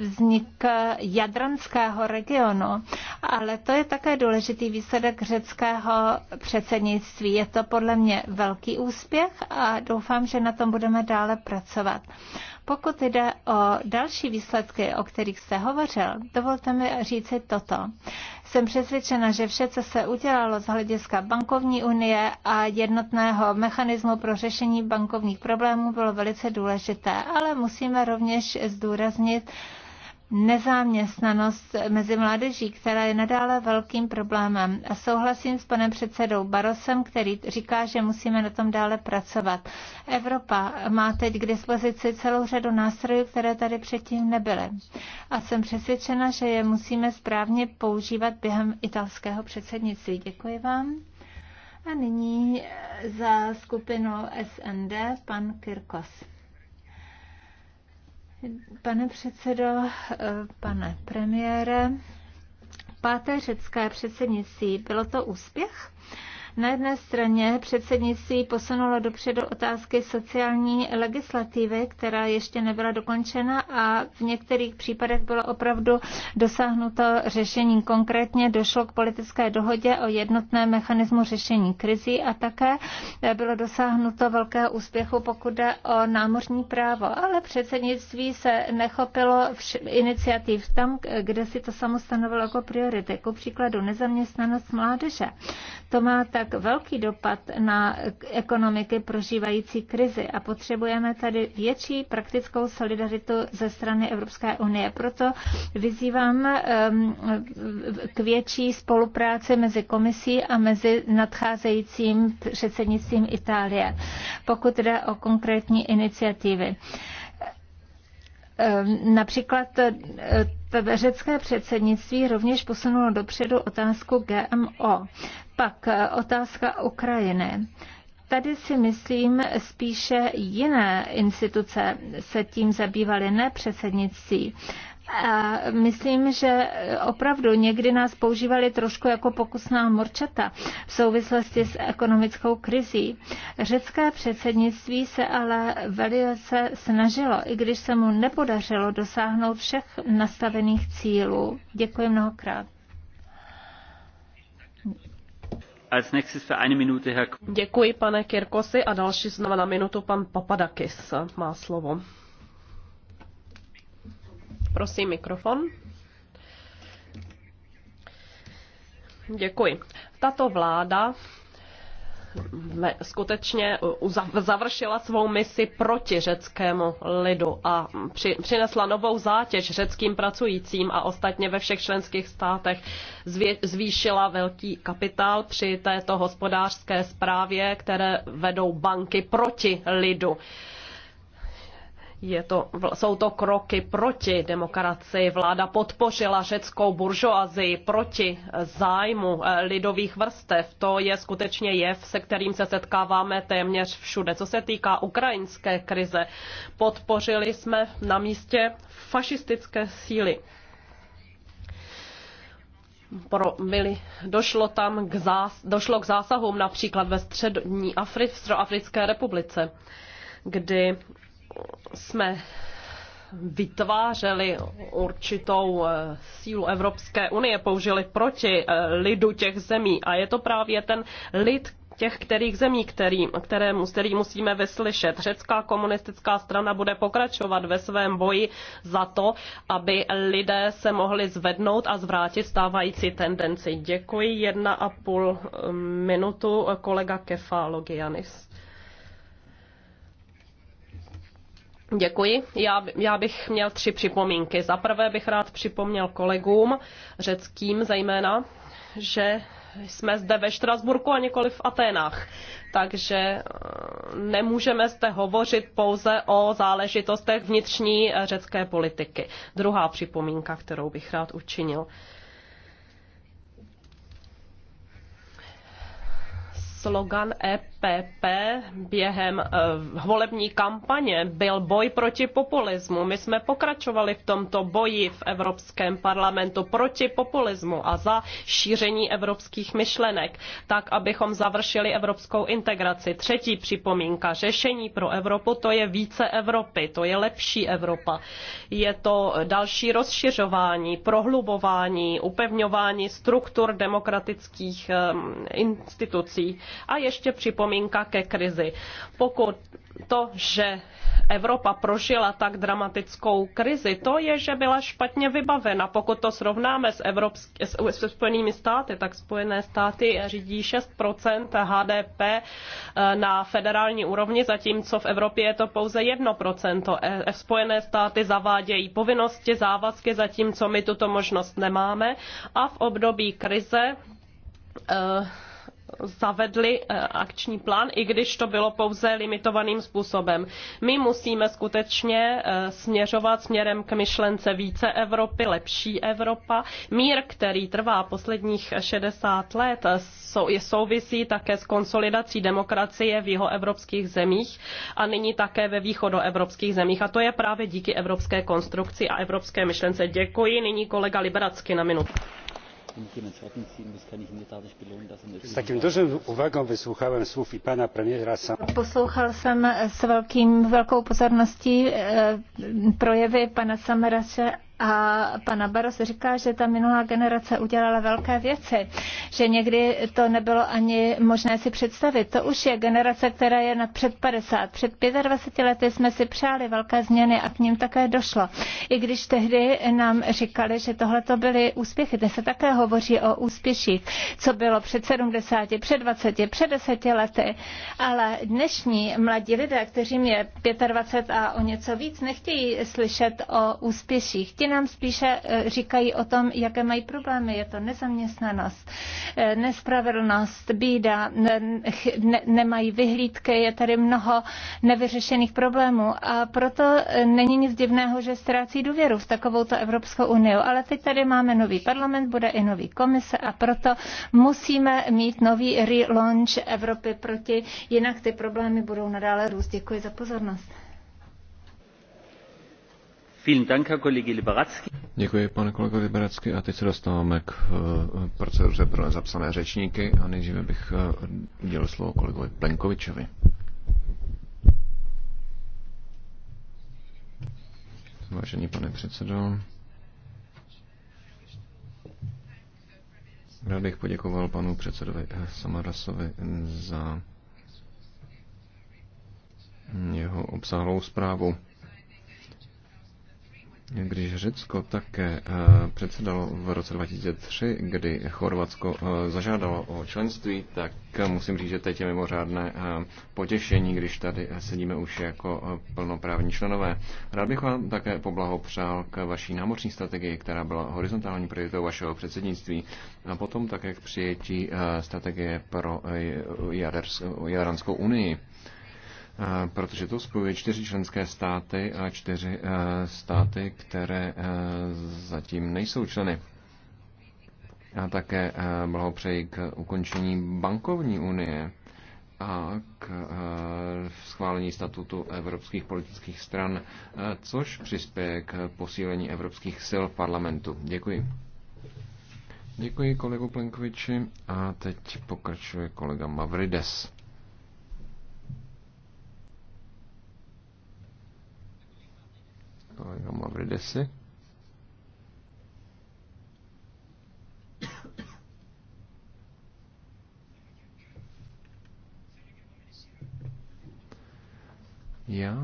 vznik jadranského regionu, ale to je také důležitý výsledek řeckého předsednictví. Je to podle mě velký úspěch a doufám, že na tom budeme dále pracovat. Pokud jde o další výsledky, o kterých jste hovořil, dovolte mi říci toto. Jsem přesvědčena, že vše, co se udělalo z hlediska bankovní unie a jednotného mechanismu pro řešení bankovních problémů, bylo velice důležité, ale musíme rovněž zdůraznit, nezáměstnanost mezi mládeží, která je nadále velkým problémem. A souhlasím s panem předsedou Barosem, který říká, že musíme na tom dále pracovat. Evropa má teď k dispozici celou řadu nástrojů, které tady předtím nebyly. A jsem přesvědčena, že je musíme správně používat během italského předsednictví. Děkuji vám. A nyní za skupinu SND pan Kirkos. Pane předsedo, pane premiére, páté řecké předsednictví, bylo to úspěch? Na jedné straně předsednictví posunulo dopředu otázky sociální legislativy, která ještě nebyla dokončena a v některých případech bylo opravdu dosáhnuto řešení. Konkrétně došlo k politické dohodě o jednotném mechanismu řešení krizí a také bylo dosáhnuto velkého úspěchu, pokud jde o námořní právo. Ale předsednictví se nechopilo iniciativ tam, kde si to samo stanovilo jako priority. Ku příkladu nezaměstnanost mládeže. To má tak tak velký dopad na ekonomiky prožívající krizi a potřebujeme tady větší praktickou solidaritu ze strany Evropské unie. Proto vyzývám ehm, k větší spolupráci mezi komisí a mezi nadcházejícím předsednictvím Itálie, pokud jde o konkrétní iniciativy. Ehm, například eh, řecké předsednictví rovněž posunulo dopředu otázku GMO. Pak eh, otázka Ukrajiny. Tady si myslím, spíše jiné instituce se tím zabývaly, ne předsednictví. A myslím, že opravdu někdy nás používali trošku jako pokusná morčata v souvislosti s ekonomickou krizí. Řecké předsednictví se ale velice snažilo, i když se mu nepodařilo dosáhnout všech nastavených cílů. Děkuji mnohokrát.
Děkuji, pane Kirkosi. A další znova na minutu pan Papadakis má slovo. Prosím, mikrofon. Děkuji. Tato vláda skutečně završila svou misi proti řeckému lidu a při, přinesla novou zátěž řeckým pracujícím a ostatně ve všech členských státech zvě, zvýšila velký kapitál při této hospodářské zprávě, které vedou banky proti lidu. Je to, jsou to kroky proti demokracii. Vláda podpořila řeckou buržoazii proti zájmu eh, lidových vrstev. To je skutečně jev, se kterým se setkáváme téměř všude. Co se týká ukrajinské krize, podpořili jsme na místě fašistické síly pro, byli, došlo tam k zás, došlo k zásahům například ve střední Afri, v Africké republice, kdy jsme vytvářeli určitou eh, sílu Evropské unie, použili proti eh, lidu těch zemí. A je to právě ten lid, těch kterých zemí, který, kterému, který musíme vyslyšet. Řecká komunistická strana bude pokračovat ve svém boji za to, aby lidé se mohli zvednout a zvrátit stávající tendenci. Děkuji. Jedna a půl eh, minutu kolega Kefa Děkuji. Já, já bych měl tři připomínky. Za prvé bych rád připomněl kolegům, řeckým zejména, že jsme zde ve Štrasburku a nikoli v Aténách. Takže eh, nemůžeme zde hovořit pouze o záležitostech vnitřní eh, řecké politiky. Druhá připomínka, kterou bych rád učinil. slogan EPP během eh, volební kampaně byl boj proti populismu. My jsme pokračovali v tomto boji v Evropském parlamentu proti populismu a za šíření evropských myšlenek, tak abychom završili evropskou integraci. Třetí připomínka, řešení pro Evropu, to je více Evropy, to je lepší Evropa. Je to další rozšiřování, prohlubování, upevňování struktur demokratických eh, institucí. A ještě připomínka ke krizi. Pokud to, že Evropa prožila tak dramatickou krizi, to je, že byla špatně vybavena. Pokud to srovnáme s, Evropsk- s, Spojenými státy, tak Spojené státy řídí 6% HDP eh, na federální úrovni, zatímco v Evropě je to pouze 1%. Eh, eh, Spojené státy zavádějí povinnosti, závazky, zatímco my tuto možnost nemáme. A v období krize zavedli eh, akční plán, i když to bylo pouze limitovaným způsobem. My musíme skutečně eh, směřovat směrem k myšlence více Evropy, lepší Evropa. Mír, který trvá posledních 60 let, eh, je souvisí také s konsolidací demokracie v jeho evropských zemích a nyní také ve východoevropských zemích. A to je právě díky evropské konstrukci a evropské myšlence. Děkuji. Nyní kolega Liberacky na minutu.
S takým dużym uwagą wysłuchałem słów i pana premiera
Poslouchal jsem sam z velkou pozorností eh, projevy pana Samarase a pana Baros říká, že ta minulá generace udělala velké věci, že někdy to nebylo ani možné si představit. To už je generace, která je nad před 50. Před 25 lety jsme si přáli velké změny a k ním také došlo. I když tehdy nám říkali, že tohle to byly úspěchy, dnes se také hovoří o úspěších, co bylo před 70, před 20, před 10 lety, ale dnešní mladí lidé, kteří je 25 a o něco víc, nechtějí slyšet o úspěších. Ti nám spíše eh, říkají o tom, jaké mají problémy. Je to nezaměstnanost, eh, nespravedlnost, bída, ne, ne, nemají vyhlídky, je tady mnoho nevyřešených problémů a proto eh, není nic divného, že ztrácí důvěru v takovouto Evropskou unii. Ale teď tady máme nový parlament, bude i nový komise a proto musíme mít nový relaunch Evropy proti, jinak ty problémy budou nadále růst. Děkuji za pozornost.
Děkuji, pane kolego liberadzki A teď se dostáváme k eh, proceduře pro nezapsané řečníky a nejdříve bych eh, udělal slovo kolegovi Plenkovičovi. Vážený pane předsedo, rád bych poděkoval panu předsedovi eh, Samarasovi za jeho obsáhlou zprávu. Když Řecko také eh, předsedalo v roce 2003, kdy Chorvatsko eh, zažádalo o členství, tak eh, musím říct, že teď je mimořádné potěšení, když tady sedíme už jako plnoprávní členové. Rád bych vám také poblahopřál k vaší námořní strategii, která byla horizontální prioritou vašeho předsednictví a potom také k přijetí strategie pro Jaranskou unii. Eh, protože to spojuje čtyři členské státy a čtyři eh, státy, které eh, zatím nejsou členy. A také blahopřeji k ukončení bankovní unie a k schválení statutu evropských politických stran, což přispěje k posílení evropských sil v parlamentu. Děkuji. Děkuji kolegu Plenkoviči a teď pokračuje kolega Mavrides. kolega no, Mavridesi. Já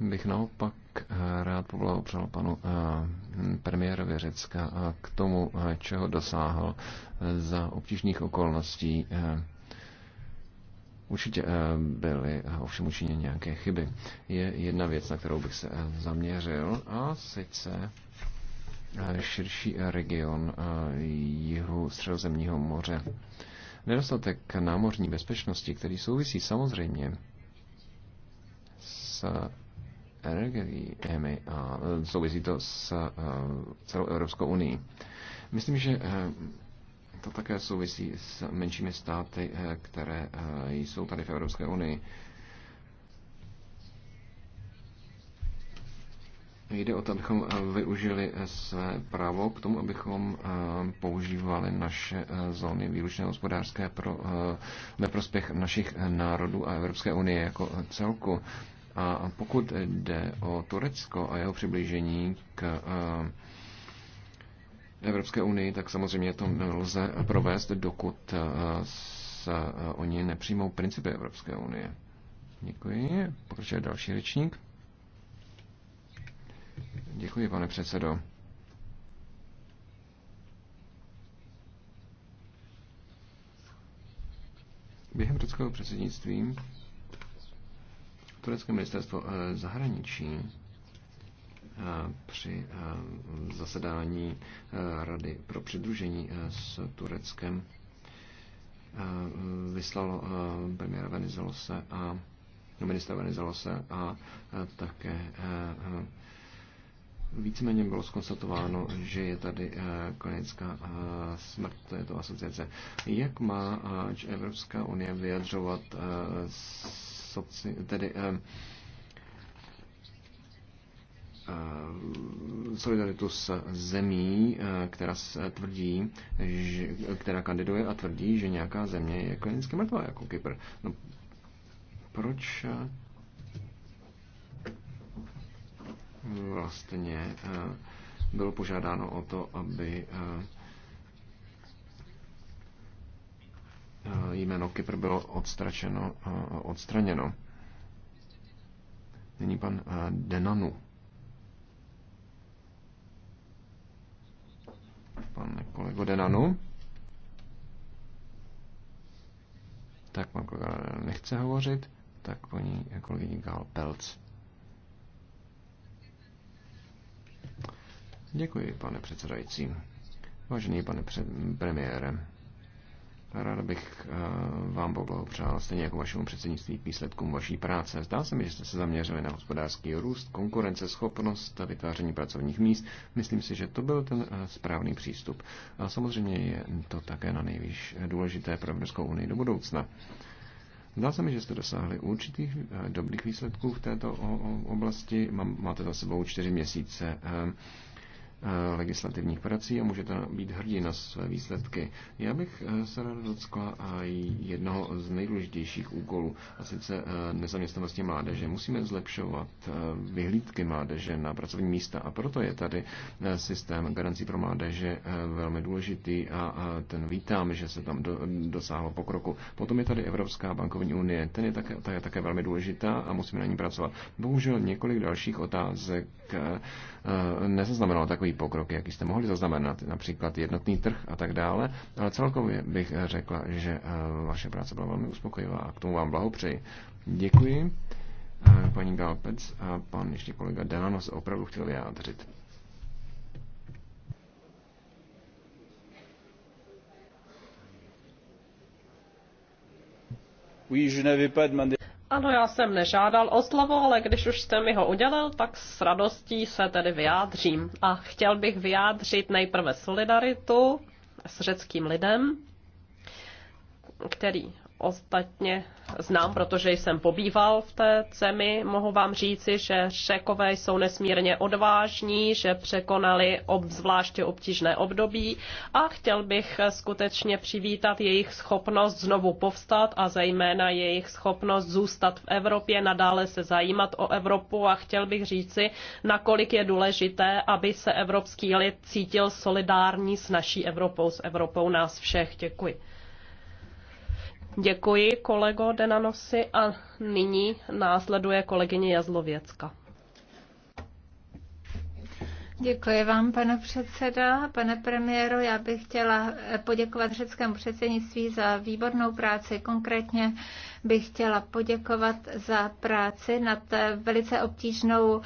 bych naopak eh, rád poblahopřál panu eh, premiérovi Řecka a eh, k tomu, čeho dosáhl za obtížných okolností Určitě eh, byly eh, ovšem učiněny nějaké chyby. Je jedna věc, na kterou bych se eh, zaměřil, a sice širší region jihu středozemního moře. Nedostatek námořní bezpečnosti, který souvisí samozřejmě s energiemi a souvisí to s celou Evropskou unii. Myslím, že to také souvisí s menšími státy, eh, které eh, jsou tady v Evropské unii. Jde o to, abychom eh, využili své právo k tomu, abychom používali naše zóny výlučné hospodářské pro, ve prospěch našich národů a Evropské unie jako celku. A pokud jde o Turecko a jeho přiblížení k Evropské unii, tak samozřejmě to nelze provést, dokud eh, se eh, oni nepřijmou principy Evropské unie. Děkuji. Pokračuje další řečník. Děkuji, pane předsedo. Během řeckého předsednictví Turecké ministerstvo eh, zahraničí při zasedání Rady pro přidružení s Tureckem vyslalo premiéra Venizelose a no, ministra Venizelose a také Víceméně bylo skonstatováno, že je tady klinická smrt této asociace. Jak má Evropská unie vyjadřovat soci, tedy Eh, solidaritu s zemí, eh, která se eh, tvrdí, že, která kandiduje a tvrdí, že nějaká země je klinicky mrtvá, jako Kypr. No, proč vlastně bylo požádáno o to, aby jméno Kypr bylo odstraněno. Nyní pan Denanu. pane kolego Denanu. Tak pan kolega nechce hovořit, tak paní kolegyně Gál Pelc. Děkuji, pane předsedající. Vážený pane před, premiére, Ráda bych eh, vám poblahopřál stejně jako vašemu předsednictví k výsledkům vaší práce. Zdá se mi, že jste se zaměřili na hospodářský růst, konkurenceschopnost a vytváření pracovních míst. Myslím si, že to byl ten eh, správný přístup. A samozřejmě je to také na nejvíc důležité pro Evropskou unii do budoucna. Zdá se mi, že jste dosáhli určitých eh, dobrých výsledků v této oblasti. Máte za sebou čtyři měsíce Eh, legislativních prací a můžete být hrdí na své výsledky. Já bych eh, se rád dotkla jednoho z nejdůležitějších úkolů, a sice eh, nezaměstnanosti mládeže. Musíme zlepšovat vyhlídky mládeže na pracovní místa a proto je tady systém garancí pro mládeže velmi důležitý a ten vítám, že se tam dosáhlo pokroku. Potom je tady Evropská bankovní unie, ten je také, ta je také velmi důležitá a musíme na ní pracovat. Bohužel několik dalších otázek nezaznamenalo takový takový pokrok, jaký jste mohli zaznamenat, například jednotný trh a tak dále, ale celkově bych řekla, že eh, vaše práce byla velmi uspokojivá a k tomu vám blahopřeji. Děkuji. Eh, paní Galpec a pan ještě kolega Delano se opravdu chtěl vyjádřit.
Oui, je vais pas demander...
Ano, já jsem nežádal o slovo, ale když už jste mi ho udělal, tak s radostí se tedy vyjádřím. A chtěl bych vyjádřit nejprve solidaritu s řeckým lidem, který ostatně znám, protože jsem pobýval v té zemi. Mohu vám říci, že Řekové jsou nesmírně odvážní, že překonali obzvláště obtížné období a chtěl bych skutečně přivítat jejich schopnost znovu povstat a zejména jejich schopnost zůstat v Evropě, nadále se zajímat o Evropu a chtěl bych říci, nakolik je důležité, aby se evropský lid cítil solidární s naší Evropou, s Evropou nás všech. Děkuji. Děkuji kolego Denanosi a nyní následuje kolegyně Jazlověcka.
Děkuji vám, pane předseda. Pane premiéro, já bych chtěla poděkovat řeckému předsednictví za výbornou práci. Konkrétně bych chtěla poděkovat za práci nad velice obtížnou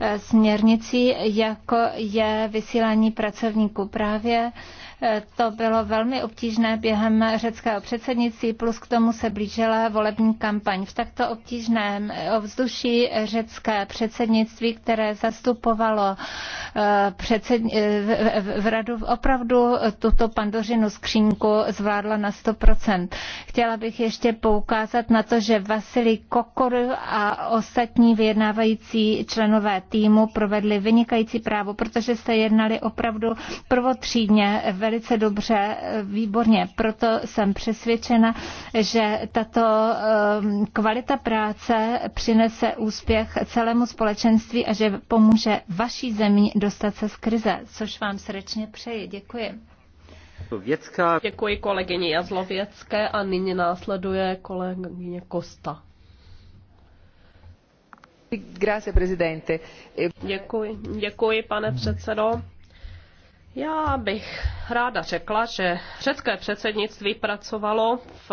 eh, směrnicí, jako je vysílání pracovníků právě Eh, to bylo velmi obtížné během řeckého předsednictví, plus k tomu se blížila volební kampaň. V takto obtížném eh, ovzduší řecké předsednictví, které zastupovalo eh, předsed... v radu, opravdu tuto pandořinu skřínku zvládla na 100%. Chtěla bych ještě poukázat na to, že Vasily Kokor a ostatní vyjednávající členové týmu provedli vynikající právo, protože se jednali opravdu prvotřídně velmi velice dobře, výborně. Proto jsem přesvědčena, že tato ehm, kvalita práce přinese úspěch celému společenství a že pomůže vaší zemi dostat se z krize, což vám srdečně přeji. Děkuji.
Věcka. Děkuji kolegyni Jazlověcké a nyní následuje kolegyně Kosta. Děkuji, děkuji pane předsedo já bych ráda řekla, že řecké předsednictví pracovalo v,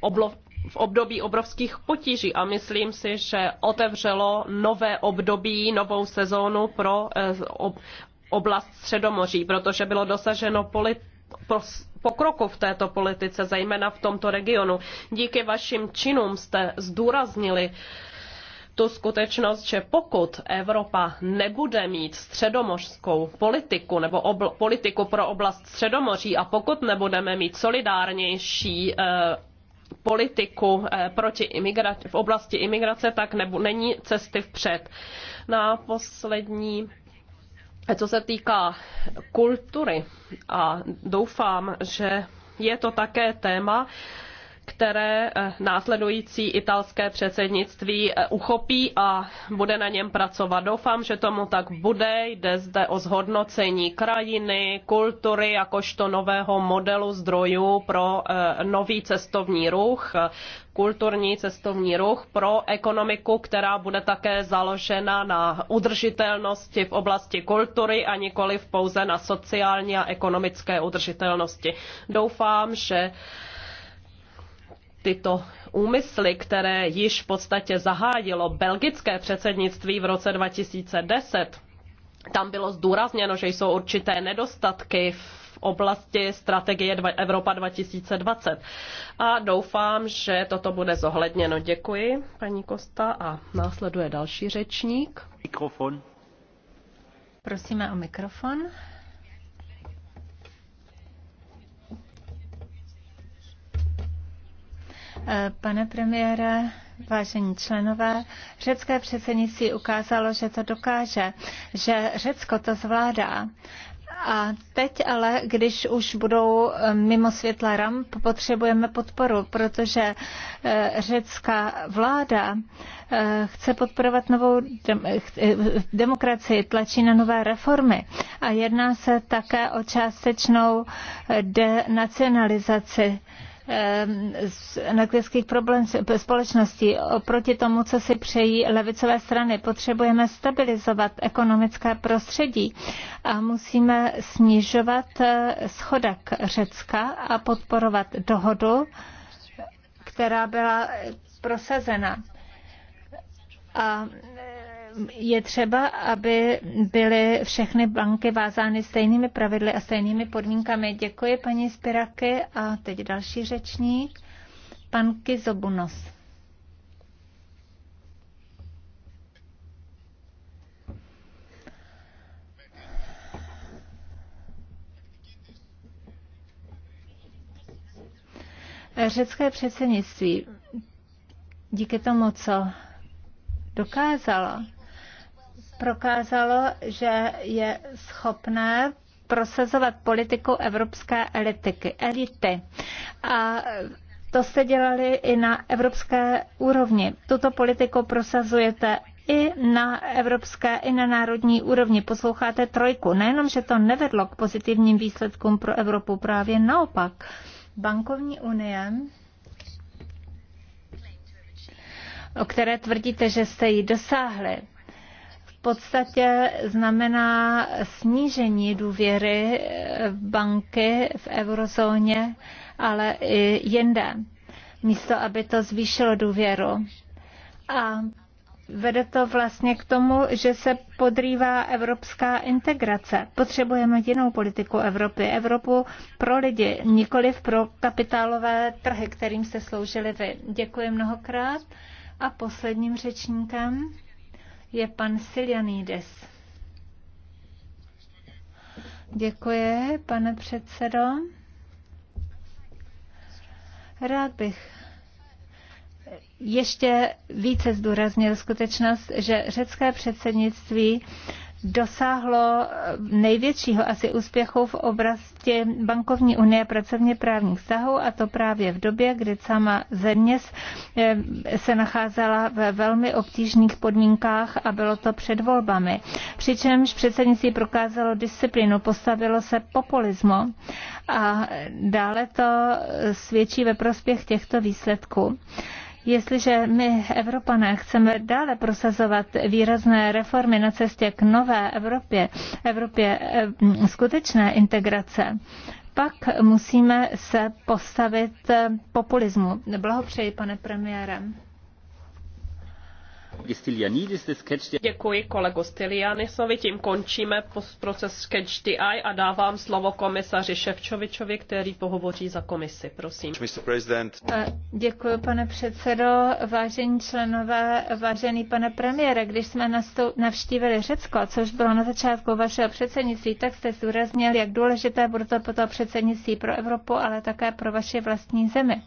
oblo, v období obrovských potíží a myslím si, že otevřelo nové období, novou sezónu pro eh, ob, oblast Středomoří, protože bylo dosaženo polit, pokroku v této politice, zejména v tomto regionu. Díky vašim činům jste zdůraznili tu skutečnost, že pokud Evropa nebude mít středomořskou politiku nebo obl- politiku pro oblast Středomoří a pokud nebudeme mít solidárnější e, politiku e, proti v oblasti imigrace, tak nebu- není cesty vpřed. Na poslední eh, co se týká kultury a doufám, že je to také téma, které eh, následující italské předsednictví eh, uchopí a bude na něm pracovat. Doufám, že tomu tak bude. Jde zde o zhodnocení krajiny, kultury, jakožto nového modelu zdrojů pro eh, nový cestovní ruch, kulturní cestovní ruch pro ekonomiku, která bude také založena na udržitelnosti v oblasti kultury a nikoli pouze na sociální a ekonomické udržitelnosti. Doufám, že tyto úmysly, které již v podstatě zahájilo belgické předsednictví v roce 2010, tam bylo zdůrazněno, že jsou určité nedostatky v oblasti strategie Evropa 2020. A doufám, že toto bude zohledněno. Děkuji, paní Kosta. A následuje další řečník.
Mikrofon. Prosíme o mikrofon. Eh, pane premiére, vážení členové, řecké předsednictví ukázalo, že to dokáže, že Řecko to zvládá. A teď ale, když už budou eh, mimo světla ramp, potřebujeme podporu, protože eh, řecká vláda chce podporovat novou demokracii, tlačí na nové reformy a jedná se také o částečnou denacionalizaci energetických problém, společnosti. oproti tomu, co si přejí levicové strany. Potřebujeme stabilizovat ekonomické prostředí a musíme snižovat eh, schodek Řecka a podporovat dohodu, která byla prosazena. A je třeba, aby byly všechny banky vázány stejnými pravidly a stejnými podmínkami. Děkuji paní Spiraky a teď další řečník, pan Kizobunos. Řecké předsednictví díky tomu, co dokázalo, prokázalo, že je schopné prosazovat politiku evropské elitiky, elity. A to jste dělali i na evropské úrovni. Tuto politiku prosazujete i na evropské, i na národní úrovni. Posloucháte trojku. Nejenom, že to nevedlo k pozitivním výsledkům pro Evropu, právě naopak. Bankovní unie o které tvrdíte, že jste ji dosáhli, podstatě znamená snížení důvěry eh, banky v eurozóně, ale i jinde, místo aby to zvýšilo důvěru. A vede to vlastně k tomu, že se podrývá evropská integrace. Potřebujeme jinou politiku Evropy. Evropu pro lidi, nikoliv pro kapitálové trhy, kterým se sloužili vy. Děkuji mnohokrát. A posledním řečníkem je pan Silianides. Děkuji, pane předsedo. Rád bych ještě více zdůraznil skutečnost, že řecké předsednictví dosáhlo eh, největšího asi úspěchu v oblasti bankovní unie pracovně právních vztahů a to právě v době, kdy sama země eh, se nacházela ve velmi obtížných podmínkách a bylo to před volbami. Přičemž předsednictví prokázalo disciplínu, postavilo se populismu a dále to eh, svědčí ve prospěch těchto výsledků. Jestliže my, Evropané, chceme dále prosazovat výrazné reformy na cestě k nové Evropě, Evropě eh, skutečné integrace, pak musíme se postavit eh, populismu. Blahopřeji, pane premiére. Děkuji
kolego Stylianisovi, tím končíme proces Sketch DI a dávám slovo komisaři Ševčovičovi, který pohovoří za komisi. Prosím.
Eh, děkuji, pane předsedo, vážení členové, vážený pane premiére. Když jsme navštívili Řecko, což bylo na začátku vašeho předsednictví, tak jste zúraznil, jak důležité bude to potom předsednictví pro Evropu, ale také pro vaši vlastní zemi.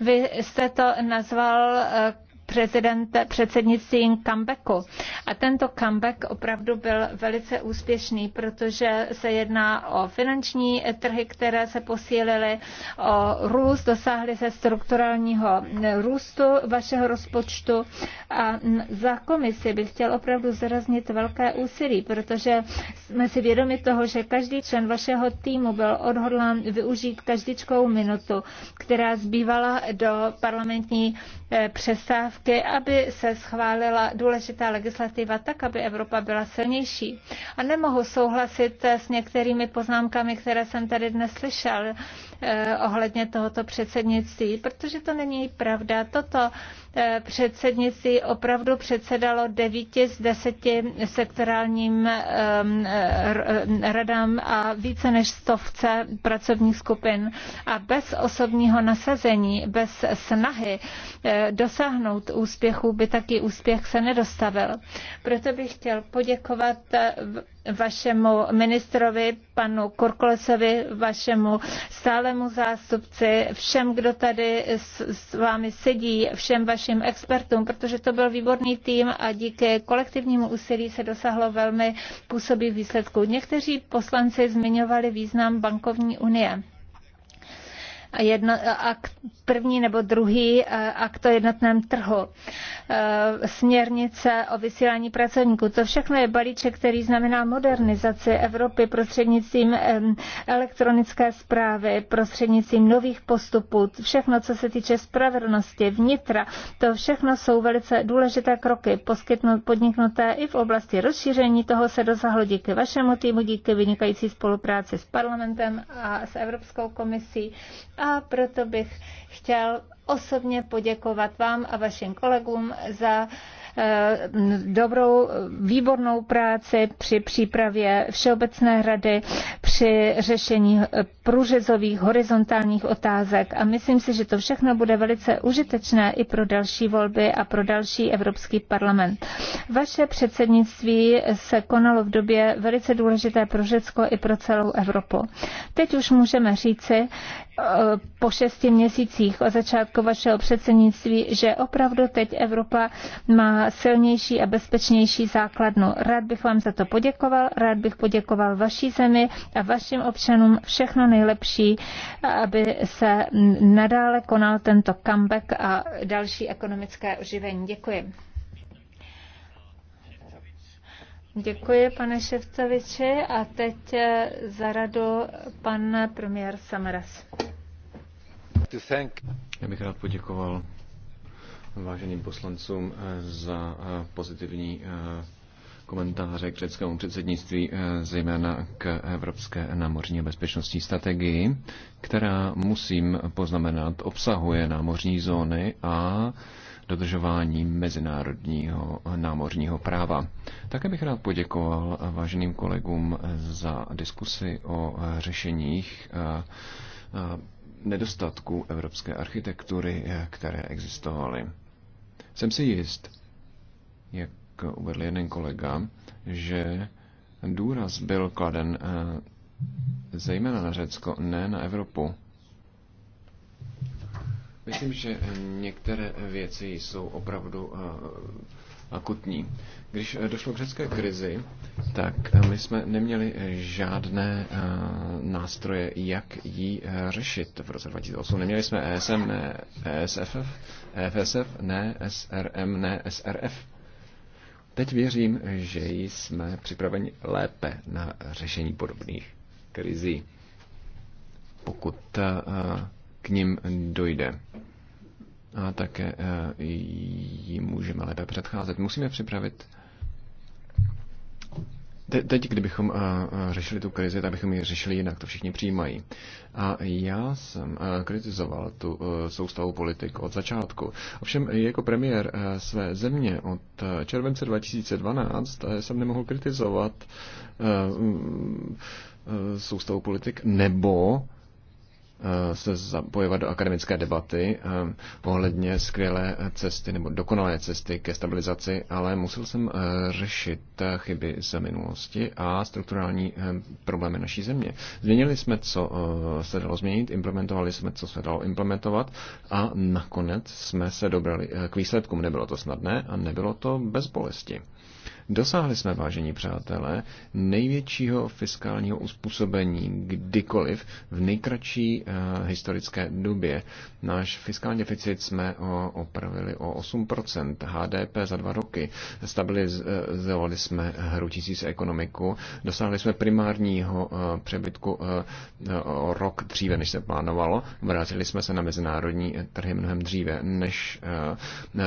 Vy jste to nazval eh, prezident, předsednictvím comebacku. A tento comeback opravdu byl velice úspěšný, protože se jedná o finanční trhy, které se posílily, o růst, dosáhly se strukturálního růstu vašeho rozpočtu a za komisi bych chtěl opravdu zraznit velké úsilí, protože jsme si vědomi toho, že každý člen vašeho týmu byl odhodlán využít každičkou minutu, která zbývala do parlamentní eh, přestávky požadavky, aby se schválila důležitá legislativa tak, aby Evropa byla silnější. A nemohu souhlasit s některými poznámkami, které jsem tady dnes slyšel. Eh, ohledně tohoto předsednictví, protože to není pravda. Toto eh, předsednictví opravdu předsedalo devíti z deseti sektorálním ehm, eh, radám a více než stovce pracovních skupin. A bez osobního nasazení, bez snahy dosáhnout úspěchu by taky úspěch se nedostavil. Proto bych chtěl poděkovat vašemu ministrovi, panu Kurklesovi, vašemu stálemu zástupci, všem, kdo tady s, s vámi sedí, všem vašim expertům, protože to byl výborný tým a díky kolektivnímu úsilí se dosáhlo velmi působivých výsledků. Někteří poslanci zmiňovali význam bankovní unie jedno, akt, první nebo druhý e, akt o jednotném trhu, e, směrnice o vysílání pracovníků. To všechno je balíček, který znamená modernizaci Evropy prostřednictvím elektronické zprávy, prostřednictvím nových postupů, všechno, co se týče spravedlnosti, vnitra, to všechno jsou velice důležité kroky poskytnout, podniknuté i v oblasti rozšíření. Toho se dosáhlo díky vašemu týmu, díky vynikající spolupráci s parlamentem a s Evropskou komisí a proto bych chtěl osobně poděkovat vám a vašim kolegům za eh, dobrou, výbornou práci při přípravě Všeobecné rady, při řešení eh, průřezových horizontálních otázek a myslím si, že to všechno bude velice užitečné i pro další volby a pro další Evropský parlament. Vaše předsednictví se konalo v době velice důležité pro Řecko i pro celou Evropu. Teď už můžeme říci, Eh, po šesti měsících o začátku vašeho předsednictví, že opravdu teď Evropa má silnější a bezpečnější základnu. Rád bych vám za to poděkoval, rád bych poděkoval vaší zemi a vašim občanům všechno nejlepší, aby se nadále konal tento comeback a další ekonomické oživení. Děkuji. Děkuji, pane Ševcoviči. A teď eh, za radu pan premiér Samaras.
Já bych rád poděkoval váženým poslancům eh, za eh, pozitivní komentáře k řeckému předsednictví, zejména k Evropské námořní bezpečnostní strategii, která, musím poznamenat, obsahuje námořní zóny a dodržování mezinárodního námořního práva. Také bych rád poděkoval váženým kolegům za diskusy o řešeních eh, eh, nedostatků evropské architektury, eh, které existovaly. Jsem si jist, jak uvedl jeden kolega, že důraz byl kladen zejména na Řecko, ne na Evropu. Myslím, že některé věci jsou opravdu eh, akutní. Když eh, došlo k řecké krizi, tak eh, my jsme neměli žádné nástroje, jak ji řešit v roce 2008. Neměli jsme ESM, ne ESFF, EFSF, ne SRM, ne SRF. Teď věřím, že jsme připraveni lépe na řešení podobných krizí. Pokud k ním dojde. A také eh, jim můžeme lépe předcházet. Musíme připravit Teď, kdybychom eh, eh, řešili tu krizi, tak bychom ji řešili jinak, to všichni přijímají. A já jsem kritizoval tu soustavu politik od začátku. Ovšem jako premiér své země od července 2012 jsem nemohl kritizovat mm, soustavu politik nebo Eh, se zapojovat do akademické debaty eh, ohledně skvělé cesty nebo dokonalé cesty ke stabilizaci, ale musel jsem eh, řešit chyby z minulosti a strukturální problémy naší země. Změnili jsme, co se dalo změnit, implementovali jsme, co se dalo implementovat a nakonec jsme se dobrali k výsledkům. Nebylo to snadné a nebylo to bez bolesti. Dosáhli jsme, vážení přátelé, největšího fiskálního uspůsobení kdykoliv v nejkratší eh, historické době. Náš fiskální deficit jsme opravili o 8%, HDP za dva roky, stabilizovali jsme hrutící z ekonomiku, dosáhli jsme primárního eh, přebytku eh, o rok dříve, než se plánovalo, vrátili jsme se na mezinárodní trhy mnohem dříve, než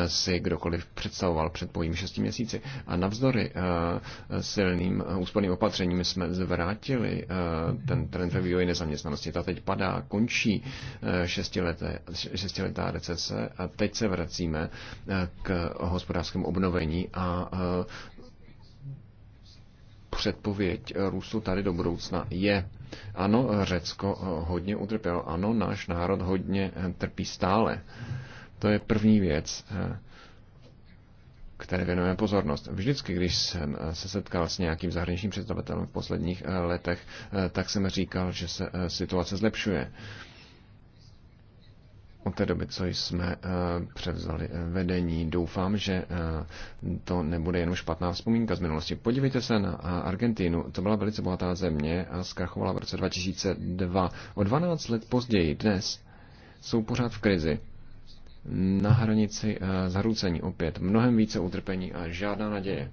si kdokoliv představoval před pojím 6 měsíci. A navzdory navzdory eh, silným eh, úsporným opatřením jsme zvrátili eh, ten trend ve vývoji nezaměstnanosti. Ta teď padá, končí šestileté, šestiletá recese a teď se vracíme k hospodářskému obnovení a předpověď růstu tady do budoucna je. Ano, Řecko hodně utrpělo, ano, náš národ hodně trpí stále. To je první věc které věnujeme pozornost. Vždycky, když jsem eh, se setkal s nějakým zahraničním představitelem v posledních eh, letech, eh, tak jsem říkal, že se situace zlepšuje. Od té doby, co jsme převzali vedení, doufám, že to nebude jenom špatná vzpomínka z minulosti. Podívejte se na Argentínu. To byla velice bohatá země a zkrachovala v roce 2002. O 12 let později dnes jsou pořád v krizi na hranici eh, zhrucení opět. Mnohem více utrpení a žádná naděje.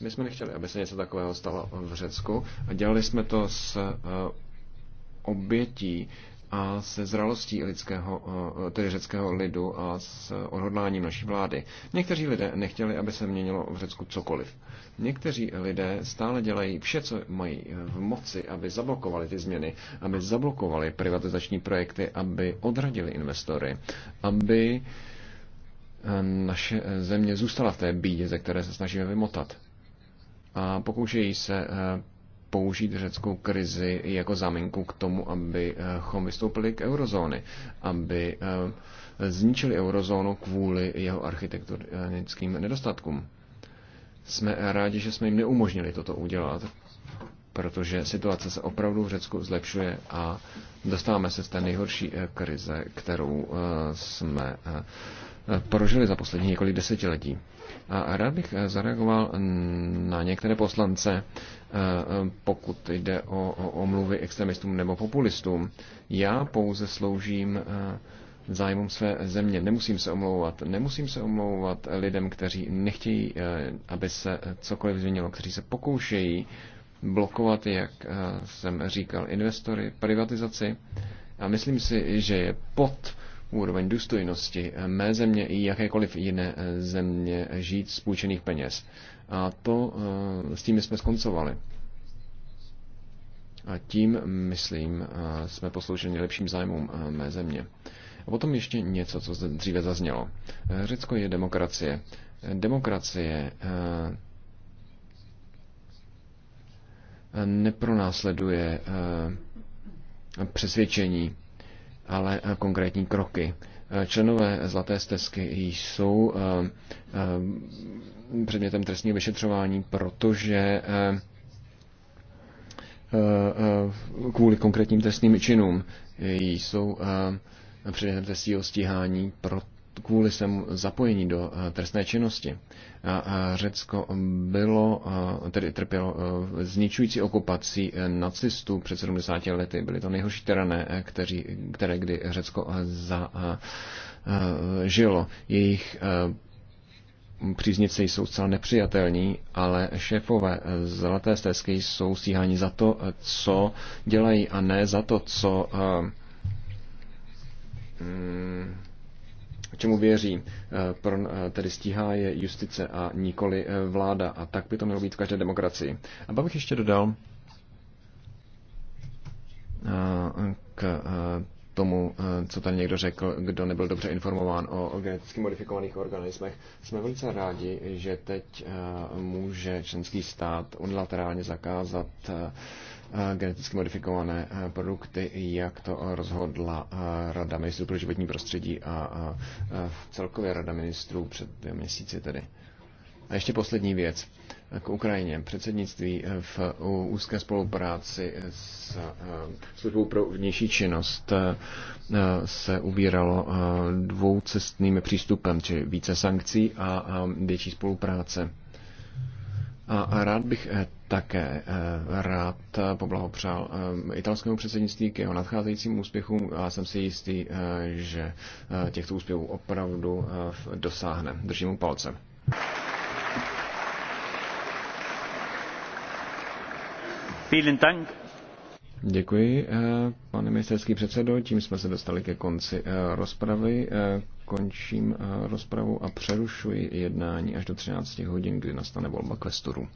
My jsme nechtěli, aby se něco takového stalo v Řecku a dělali jsme to s eh, obětí a se zralostí lidského, eh, tedy řeckého lidu a s odhodláním naší vlády. Někteří lidé nechtěli, aby se měnilo v Řecku cokoliv. Někteří lidé stále dělají vše, co mají eh, v moci, aby zablokovali ty změny, aby zablokovali privatizační projekty, aby odradili investory, aby eh, naše země zůstala v té bídě, ze které se snažíme vymotat. A pokoušejí se použít řeckou krizi jako zaminku k tomu, abychom vystoupili k eurozóny, aby eh, zničili eurozónu kvůli jeho architektonickým nedostatkům. Jsme rádi, že jsme jim neumožnili toto udělat, protože situace se opravdu v Řecku zlepšuje a dostáváme se z té nejhorší eh, krize, kterou eh, jsme prožili za poslední několik desetiletí. A rád bych eh, zareagoval na některé poslance, eh, pokud jde o omluvy extremistům nebo populistům. Já pouze sloužím eh, zájmům své země. Nemusím se omlouvat. Nemusím se omlouvat lidem, kteří nechtějí, aby se cokoliv změnilo, kteří se pokoušejí blokovat, jak jsem říkal, investory, privatizaci. A myslím si, že je pod úroveň důstojnosti mé země i jakékoliv jiné eh, země žít z půjčených peněz. A to eh, s tím jsme skoncovali. A tím, myslím, eh, jsme posloužili lepším zájmům mé země. A potom ještě něco, co zde dříve zaznělo. Řecko je demokracie. Demokracie nepronásleduje přesvědčení ale eh, konkrétní kroky. Eh, členové Zlaté stezky jsou eh, předmětem trestního vyšetřování, protože kvůli konkrétním trestným činům jsou předmětem trestního stíhání, proto kvůli svému zapojení do eh, trestné činnosti. A Řecko bylo, eh, tedy trpělo eh, zničující okupací nacistů před 70 lety. Byli to nejhorší terané, kteří, které kdy Řecko žilo. Jejich příznivci jsou zcela nepřijatelní, ale šéfové zlaté stezky jsou stíháni za to, co dělají a ne za to, co mm, čemu věří, eh, eh, tedy stíhá je justice a nikoli eh, vláda. A tak by to mělo být v každé demokracii. A pak bych ještě dodal k tomu, co tady někdo řekl, kdo nebyl dobře informován o geneticky modifikovaných organismech. Jsme velice rádi, že teď může členský stát unilaterálně zakázat Eh, geneticky modifikované eh, produkty, jak to rozhodla eh, Rada ministrů pro životní prostředí a celkově Rada ministrů před dvě měsíci tedy. A ještě poslední věc k Ukrajině. Předsednictví v úzké spolupráci s službou pro vnější činnost se ubíralo dvoucestným přístupem, či více sankcí a větší spolupráce. A rád bych eh, také eh, rád poblahopřál eh, italskému předsednictví k jeho nadcházejícím úspěchům a jsem si jistý, že těchto úspěchů opravdu dosáhne. Držím mu palce.
Vielen Dank.
Děkuji, eh, pane ministerský předsedo. Tím jsme se dostali ke konci eh, rozpravy. Eh, končím rozpravu a přerušuji jednání až do 13 hodin, kdy nastane volba kvestorů.